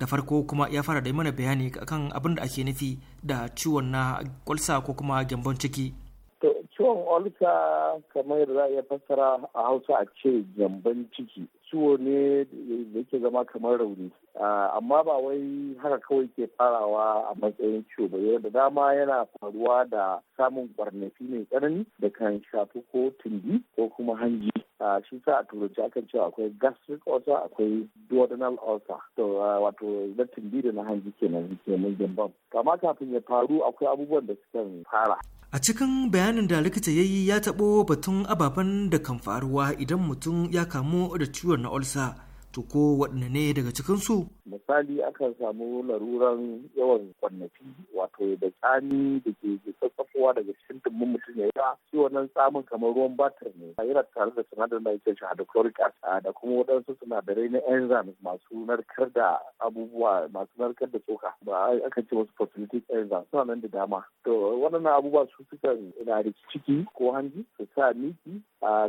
da farko kuma ya fara da mana bayani kan abin da ake nufi da ciwon na kwalsa ko kuma gyambon ciki ciwon olka kamar yadda za iya fassara a hausa a ce gyamban ciki ciwo ne da ke zama kamar rauni ah, amma ba wai haka kawai ke farawa a matsayin ciwo ba da dama yana faruwa da samun kwarnafi mai tsanani da kan shafi ko tumbi ko kuma hanji a ah, shi sa a turanci akan cewa akwai gastric ulcer akwai duodenal ulcer to ah, wato na tumbi da na hanji kenan mun gamban kama kafin ya faru akwai abubuwan da sukan fara A cikin bayanin da likita ya yi ya taɓo batun ababen da kan faruwa idan mutum ya kamu da ciwon na olsa to ko waɗanne ne daga cikinsu? Misali akan samu laruran yawan kwannafi wato da tsami da ke tsatsafowa daga cikin dumbin mutum ya yawa shi wannan tsamin kamar ruwan batir ne yana tare da sinadarin da ake shahada chloric acid da kuma waɗansu sinadarai na enzymes masu narkar da abubuwa masu narkar da tsoka ba akan ce wasu phosphatic enzymes suna nan da dama to waɗannan abubuwa su suka na da ciki ko hanji su sa miki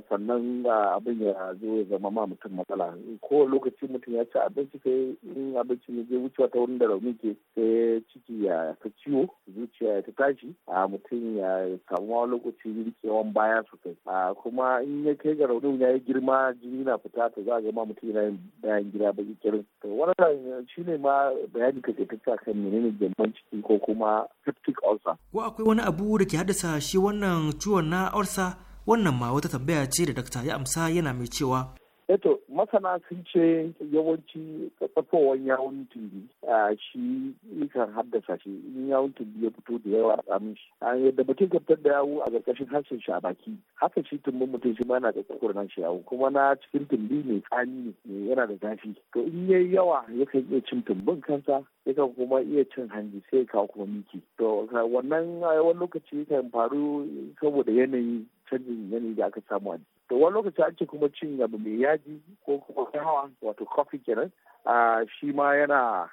sannan abin ya zo ya zama ma mutum matsala ko lokaci mutum ya ci abinci sai in abinci ne zai wucewa ta wurin da rauni ke sai ciki ya ta ciwo zuciya ya ta tashi a mutum ya samu wani lokaci rikewan baya sosai a kuma in ya kai ga raunin ya yi girma jini na fita to za a ga ma mutum yana bayan gida ba kirin to wannan shi ne ma bayani ka ta kan menene gyambon ciki ko kuma septic ulcer ko akwai wani abu da ke haddasa shi wannan ciwon na ulcer wannan ma wata tambaya ce da dakta ya amsa yana mai cewa Eto masana sun ce yawanci tsafowar yawon tumbi a shi kan haddasa shi in yawon tumbi ya fito da yawa a tsamin shi. A yadda mutum kaftar da yawo a ƙarƙashin harshen shi a baki haka shi tumbin mutum shi ma yana da ƙarƙashin nan shi yawo kuma na cikin tumbi mai tsani ne yana da zafi. To in ya yi yawa ya yakan iya cin tumbin kansa ya yakan kuma iya cin hanji sai kawo kuma miki. To wannan wani lokaci kan faru saboda yanayi canjin yanayi da aka samu a to wani lokaci an kuma cin abu mai yaji ko kuma hawa wato coffee kenan a shi ma yana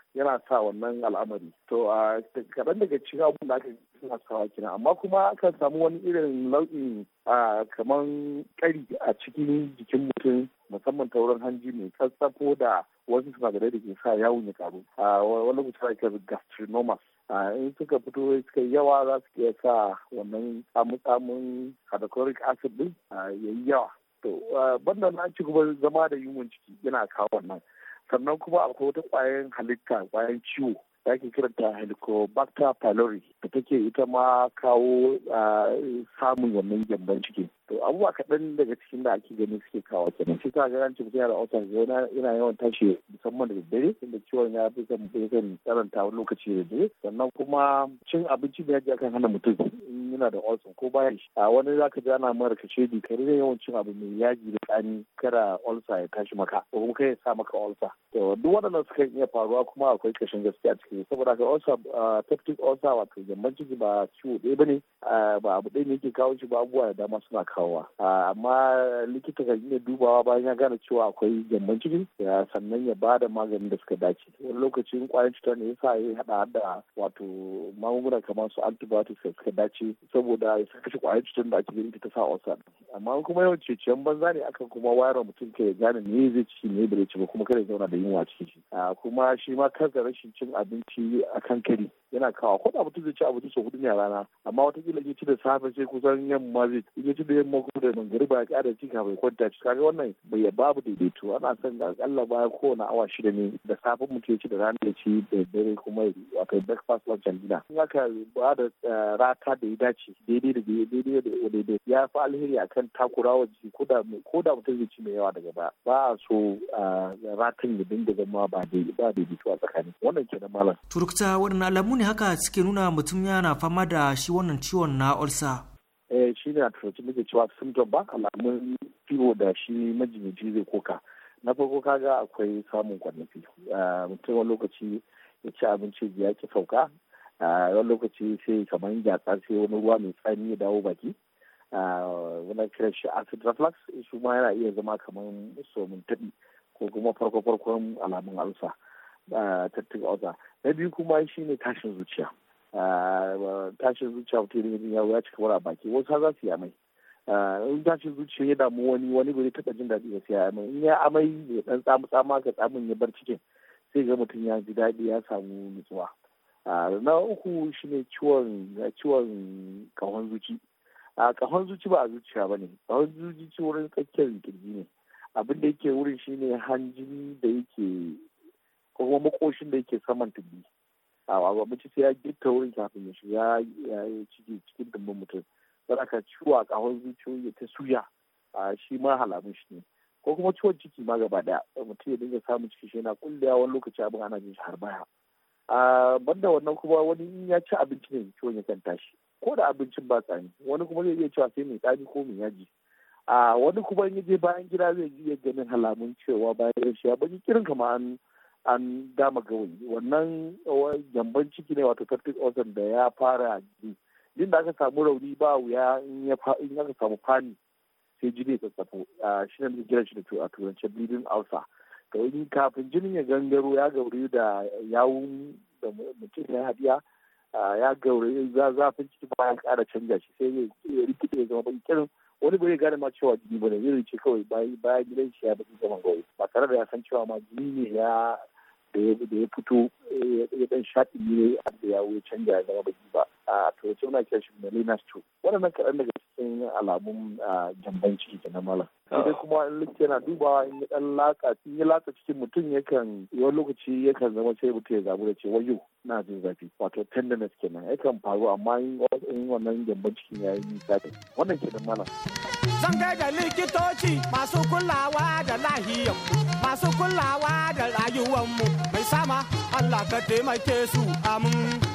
sa wannan al'amari to a kaɗan daga cikin abubuwan da aka suna sawa kenan amma kuma akan samu wani irin nau'in kaman ƙari a cikin jikin mutum musamman ta wurin hanji mai tsatsafo da wasu sinadarai da ke sa yawon ya karu a wani lokaci ake gastrinomas in suka fito suka yawa za su iya sa wannan tsamun-tsamun hydrochloric acid din ya yi yawa to banda na ci gaba zama da yunwan ciki yana kawo wannan sannan kuma akwai wata kwayan halitta kwayan ciwo da ake kiranta helicobacter pylori da take ita ma kawo samun wannan gyambon ciki to abubuwa kaɗan daga cikin da ake gani suke kawo kenan shi ta ga cikin yara autar yana yana yawan tashi musamman da daddare inda ciwon ya fi kan kan karanta wani lokaci da daddare sannan kuma cin abinci da yaji akan hana mutum in yana da olson ko baya shi a wani zaka ka jana mara kashe ka kare yawan cin abu mai yaji da tsani kara olsa ya tashi maka ko kuma kai ya sa maka olsa to duk waɗannan suka iya faruwa kuma akwai kashin gaskiya a cikin saboda ka olsa tactic olsa wato jamban ciki ba ciwo ɗaya ne ba abu ɗaya ne yake kawo shi ba abubuwa da dama suna kawa ah, amma likita kan iya dubawa bayan ya gane cewa akwai gyamban ciki sannan ya ba da maganin da suka dace wani lokacin kwayan cutar ne yasa ya hada da wato magunguna kamar su antibiotics da suka dace saboda ya kashe kwayan cutar da ake ganin ta sa ulcer amma kuma yawan ciciyan banza ne akan kuma wayar mutum ka ya gane me zai ci ne bai ci ba kuma kada ya zauna da yunwa cikin shi ah, kuma shi ma kansa rashin cin abinci akan kari yana kawo ko da mutum zai ci abinci sau hudu ne a rana amma wata kila ya ci da safe sai kusan yamma zai ci da sai mako da mangari ba ya ƙara ci bai kwanta ci kaga wannan bai babu daidaito ana son ga akalla baya kowane awa shida ne da safe mu ke ci da rana ya ci da dare kuma wato breakfast lunch and dinner in aka ba da eh, rata da ya dace daidai da daidai da daidai ya fi alheri akan takurawa jiki ko da mutum zai ci mai yawa daga ba ba a so eh, ratin ya dinga zama ba daidaito a tsakani wannan kenan malam turkta wannan alamu ne haka suke nuna mutum yana fama da shi wannan ciwon na ulcer Eh, shi ne a turci muke cewa symptom ba alamun ciwo da shi majinyaci zai koka na farko kaga akwai samun kwanafi ah, mutum wani lokaci ya ci abinci ya ki sauka ah, wani lokaci sai kamar gyatsa sai wani ruwa mai tsani ya dawo baki wani ah, kira shi acid reflux shi ma yana iya zama kamar somin taɓi ko kuma farko-farkon alamun alsa tattaka na biyu kuma shi ne tashin zuciya tashin zuciya mutum ne ya ya cika wara baki wasu har za su yi amai in tashin zuciya ya damu wani wani bai taɓa jin daɗi ya siya amai in ya amai ya ɗan tsamu tsama ka tsamin ya bar cikin sai ga mutum ya ji daɗi ya samu nutsuwa na uku shine ciwon ciwon kahon zuci a kahon zuci ba a zuciya ba ne kahon zuci wurin tsakiyar kirji ne abin da yake wurin shine hanjin da yake kuma makoshin da yake saman tubi a abinci sai ya gitta wurin kafin ya shiga ya yi ciki cikin dumbin mutum saboda ciwo a kahon zuciyoyi ta suya a shi ma halamun shi ne ko kuma ciwon ciki ma gaba daya mutum ya dinga samun ciki shi yana kullewa wani lokaci abin ana jin shi har baya a banda wannan kuma wani in ya ci abinci ne ciwon kan tashi ko da abincin ba tsani wani kuma zai iya cewa sai mai tsani ko mai yaji a wani kuma in ya je bayan gida zai iya ganin halamun cewa bayan shi ya bari kirin kama an an dama gawayi wannan jamban ciki ne wato septic ulcer da ya fara jini din da aka samu rauni ba wuya in aka samu fani sai jini ya tsafo a shirin da jiran shi da a turance bleeding ulcer to in kafin jinin ya gangaro ya gauri da yawun da mutum ya hadiya ya gauri zafin ciki ba ya kara canja shi sai ya rikide ya zama ba kirin wani bai gane ma cewa jini bane zai rice kawai bayan gidan shi ya baki zaman gauri ba tare da ya san cewa ma jini ne ya da ya fito eh, ya dan shaɗi ne da ya canja ya zama baki ba ah, a turanci muna kiran shi melina stew waɗannan kaɗan daga cikin alamun gyambon ciki ke na mala. Sai kuma in likita yana dubawa in yi dan latsa in cikin mutum yakan wani lokaci yakan zama sai mutum ya zamu da ce wayo na jin zafi wato tenderness kenan yakan faru amma in wannan gyambon cikin ya yi nisa wannan kenan mala. Zan kai da likitoci masu kulawa da lahiyar masu kulawa da rayuwar mu mai sama Allah ka taimake su amin.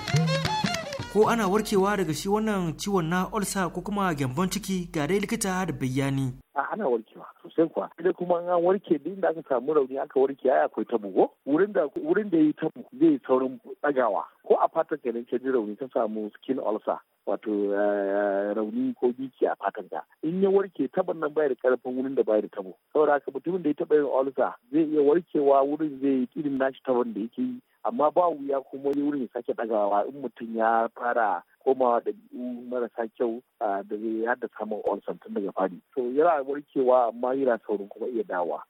ko ana warkewa daga shi wannan ciwon na olsa ko kuma gyambon ciki ga dai likita da bayani. A ana warkewa sosai kuwa. Idan kuma an warke duk da aka samu rauni aka warke ai akwai tabu ko wurin da wurin da yayi tabu zai saurin tsagawa ko a fatar kenan ka ji rauni ka samu skin ulcer wato eh, rauni ko biki a fatan ka in ya warke taban nan bai da karfin wurin da bai da tabo saboda haka mutumin da ya taba yin ulcer zai iya warkewa wurin zai yi irin nashi taban da yake amma ba wuya kuma wani wurin sake ɗagawa in mutum ya fara komawa da marasa kyau da zai haddasa samun olson tun daga fari to yana warkewa amma yana saurin kuma iya dawa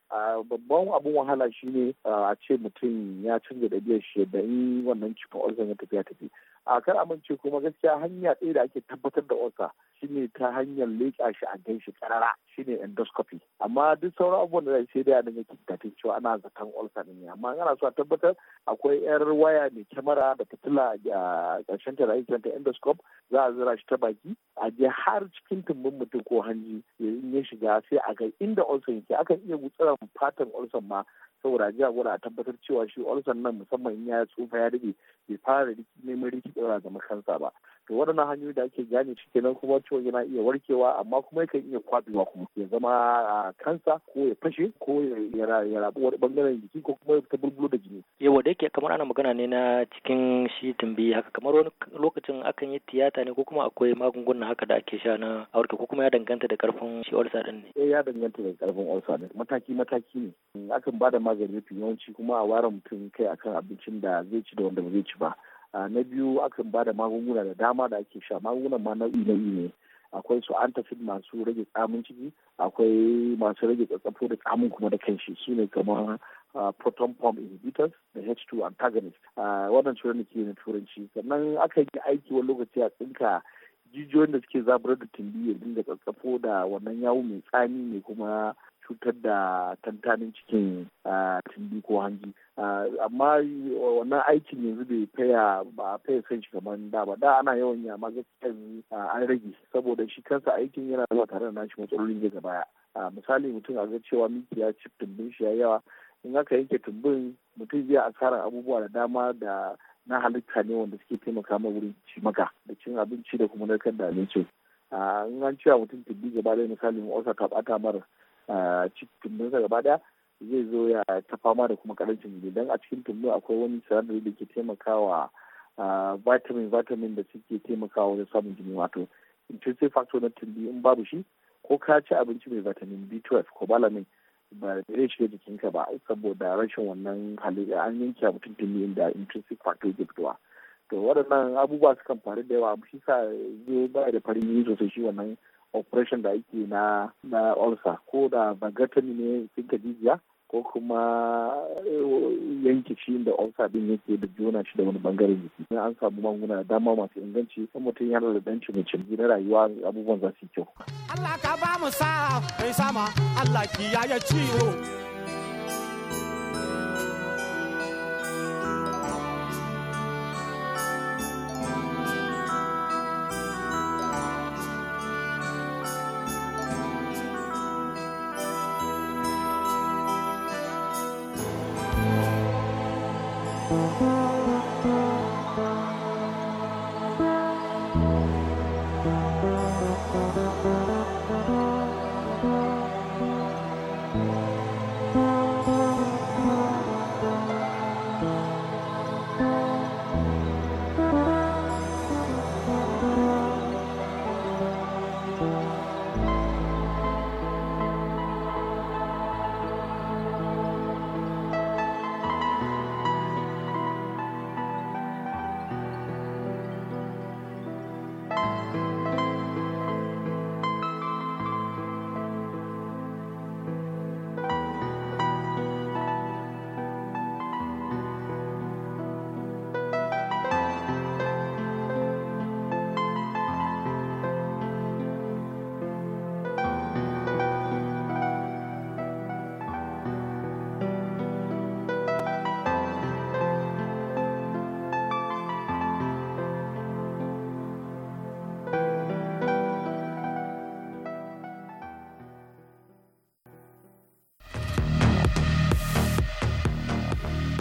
babban abin wahala shine a ce mutum ya canza biyar shi da in wannan cikin olson ya tafiya tafi a kar amince kuma gaskiya hanya ɗaya da ake tabbatar da ulcer shine ta hanyar leƙa shi a gan shi karara shine endoscopy amma duk sauran abubuwan da sai da ya yake tafi cewa ana zaton ulcer ne amma ana so a tabbatar akwai yar waya mai kyamara da fitila a ƙarshen ta da ta endoscope za a zira shi ta baki a je har cikin tumbin mutum ko hanji in ya shiga sai a ga inda ulcer yake akan iya gutsuran fatan ulcer ma saboda a a tabbatar cewa shi ulcer nan musamman in ya tsufa ya rage bai fara neman rikidewa ga makansa ba to waɗannan hanyoyi da ake gane shi kenan kuma ciwon yana iya warkewa amma kuma yakan iya kwaɗewa kuma ya zama kansa ko ya fashe ko ya rabu wani bangaren jiki ko kuma ya fita bulbulo da jini. yawa da yake kamar ana magana ne na cikin shi tumbi haka kamar wani lokacin akan yi tiyata ne ko kuma akwai magungunan haka da ake sha na aurka ko kuma ya danganta da karfin shi ulcer din ne. Eh, ya danganta da karfin ulcer din mataki mataki ne akan ba da magani yawanci kuma a ware mutum kai akan abincin da zai ci da wanda ba zai ci ba ah, na biyu akan ba da magunguna da dama da ake sha magungunan ma nau'i na ne akwai su antacid masu rage tsamin ciki akwai masu rage tsatsafo da tsamin kuma da kanshi su ne kamar ah, proton pump inhibitors da h2 antagonist ah, wannan turanci ke na turanci sannan aka yi aiki wani lokaci a tsinka jijiyoyin da suke zaburar da tumbi ya da tsatsafo da wannan yawo mai tsami ne kuma cutar da tantanin cikin tindi ko hanji amma wannan aikin yanzu bai faya ba faya san shi kamar da ba da ana yawan yi amma gaskiya an rage saboda shi kansa aikin yana zuwa tare da nashi matsalolin daga baya misali mutum a ga cewa miki ya ci tumbin shi ya yawa in aka yanke tumbin mutum zai asara abubuwa da dama da na halitta ne wanda suke taimaka ma wurin ci maka da cin abinci da kuma narkar da abincin in an cewa mutum tumbi gaba da misalin osa ta bata mara cikin gaba daya zai zo ya ta fama da kuma karancin jini don a cikin tumbu akwai wani sinadari da ke taimakawa vitamin vitamin da suke taimakawa wajen samun jini wato intrinsic factor na tumbi in babu shi ko ka ci abinci mai vitamin b12 ko balamin ba zai shiga jikinka ba saboda rashin wannan halitta an yanke a mutum tumbi inda intrinsic factor ke fitowa to waɗannan abubuwa sukan faru da yawa shi sa zai ba da farin yi sosai shi wannan operation da ake na na ulcer ko da bagatani ne sun jijiya ko kuma eh, yanke shi da ulcer din yake da juna shi da wani bangare jiki an samu magunguna da dama masu inganci kuma mutum ya da dan mai canji na rayuwa abubuwan za su yi kyau Allah ka ba mu sa mai sama Allah ki ya ciwo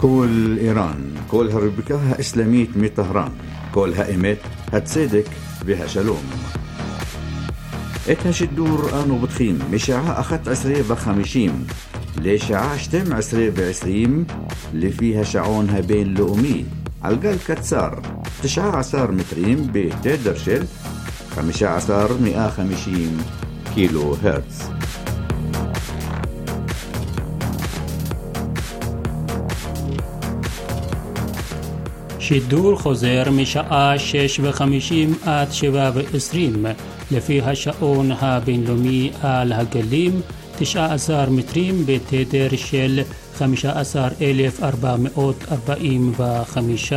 كل إيران كل هربكاها إسلاميت مي طهران كل هائمت هتصدق بها شلوم إتهش الدور آنو بتخيم مشاعة أخت عسري بخمشيم لشاعة شتم عسري بعسريم اللي فيها شعونها بين لؤمي عالقال كتسار تشعة عصار مترين بتدرشل خمشة عسار مئة خمشيم كيلو هرتز השידור חוזר משעה 6 ו עד 7 ו לפי השעון הבינלאומי על הגלים 19 מטרים בתדר של 15,445.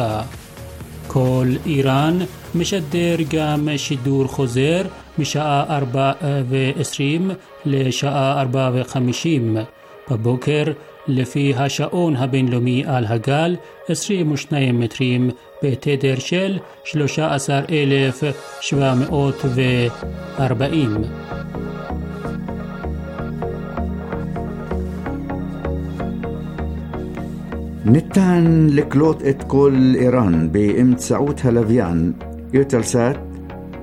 כל איראן משדר גם שידור חוזר משעה 4.20 לשעה 4.50. בבוקר לפי השעון הבינלאומי על הגל 22 מטרים בתדר של 13,740. ניתן לקלוט את כל איראן באמצעות הלוויין יוטלסאט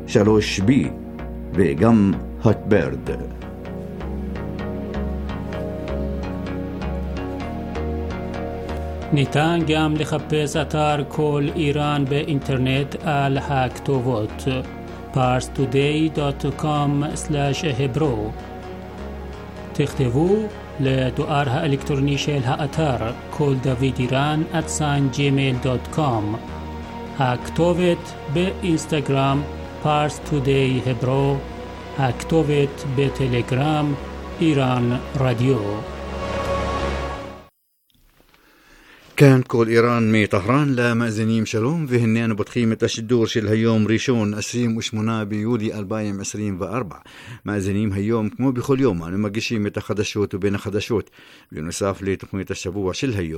3B וגם הוטברד. ניתן גם לחפש אתר כל איראן באינטרנט על הכתובות parstoday.com/hebro תכתבו לדואר האלקטרוני של האתר כל דוד איראן at gmail.com הכתובת באינסטגרם parstoday.hebro הכתובת בטלגרם איראן רדיו كان كول إيران مي طهران למאזינים שלום, והנה אנו פותחים את השידור של היום ראשון, 28 ביולי 2024. מאזינים היום, כמו בכל יום, אנו מגישים את החדשות ובין החדשות, בנוסף לתוכנית השבוע של היום.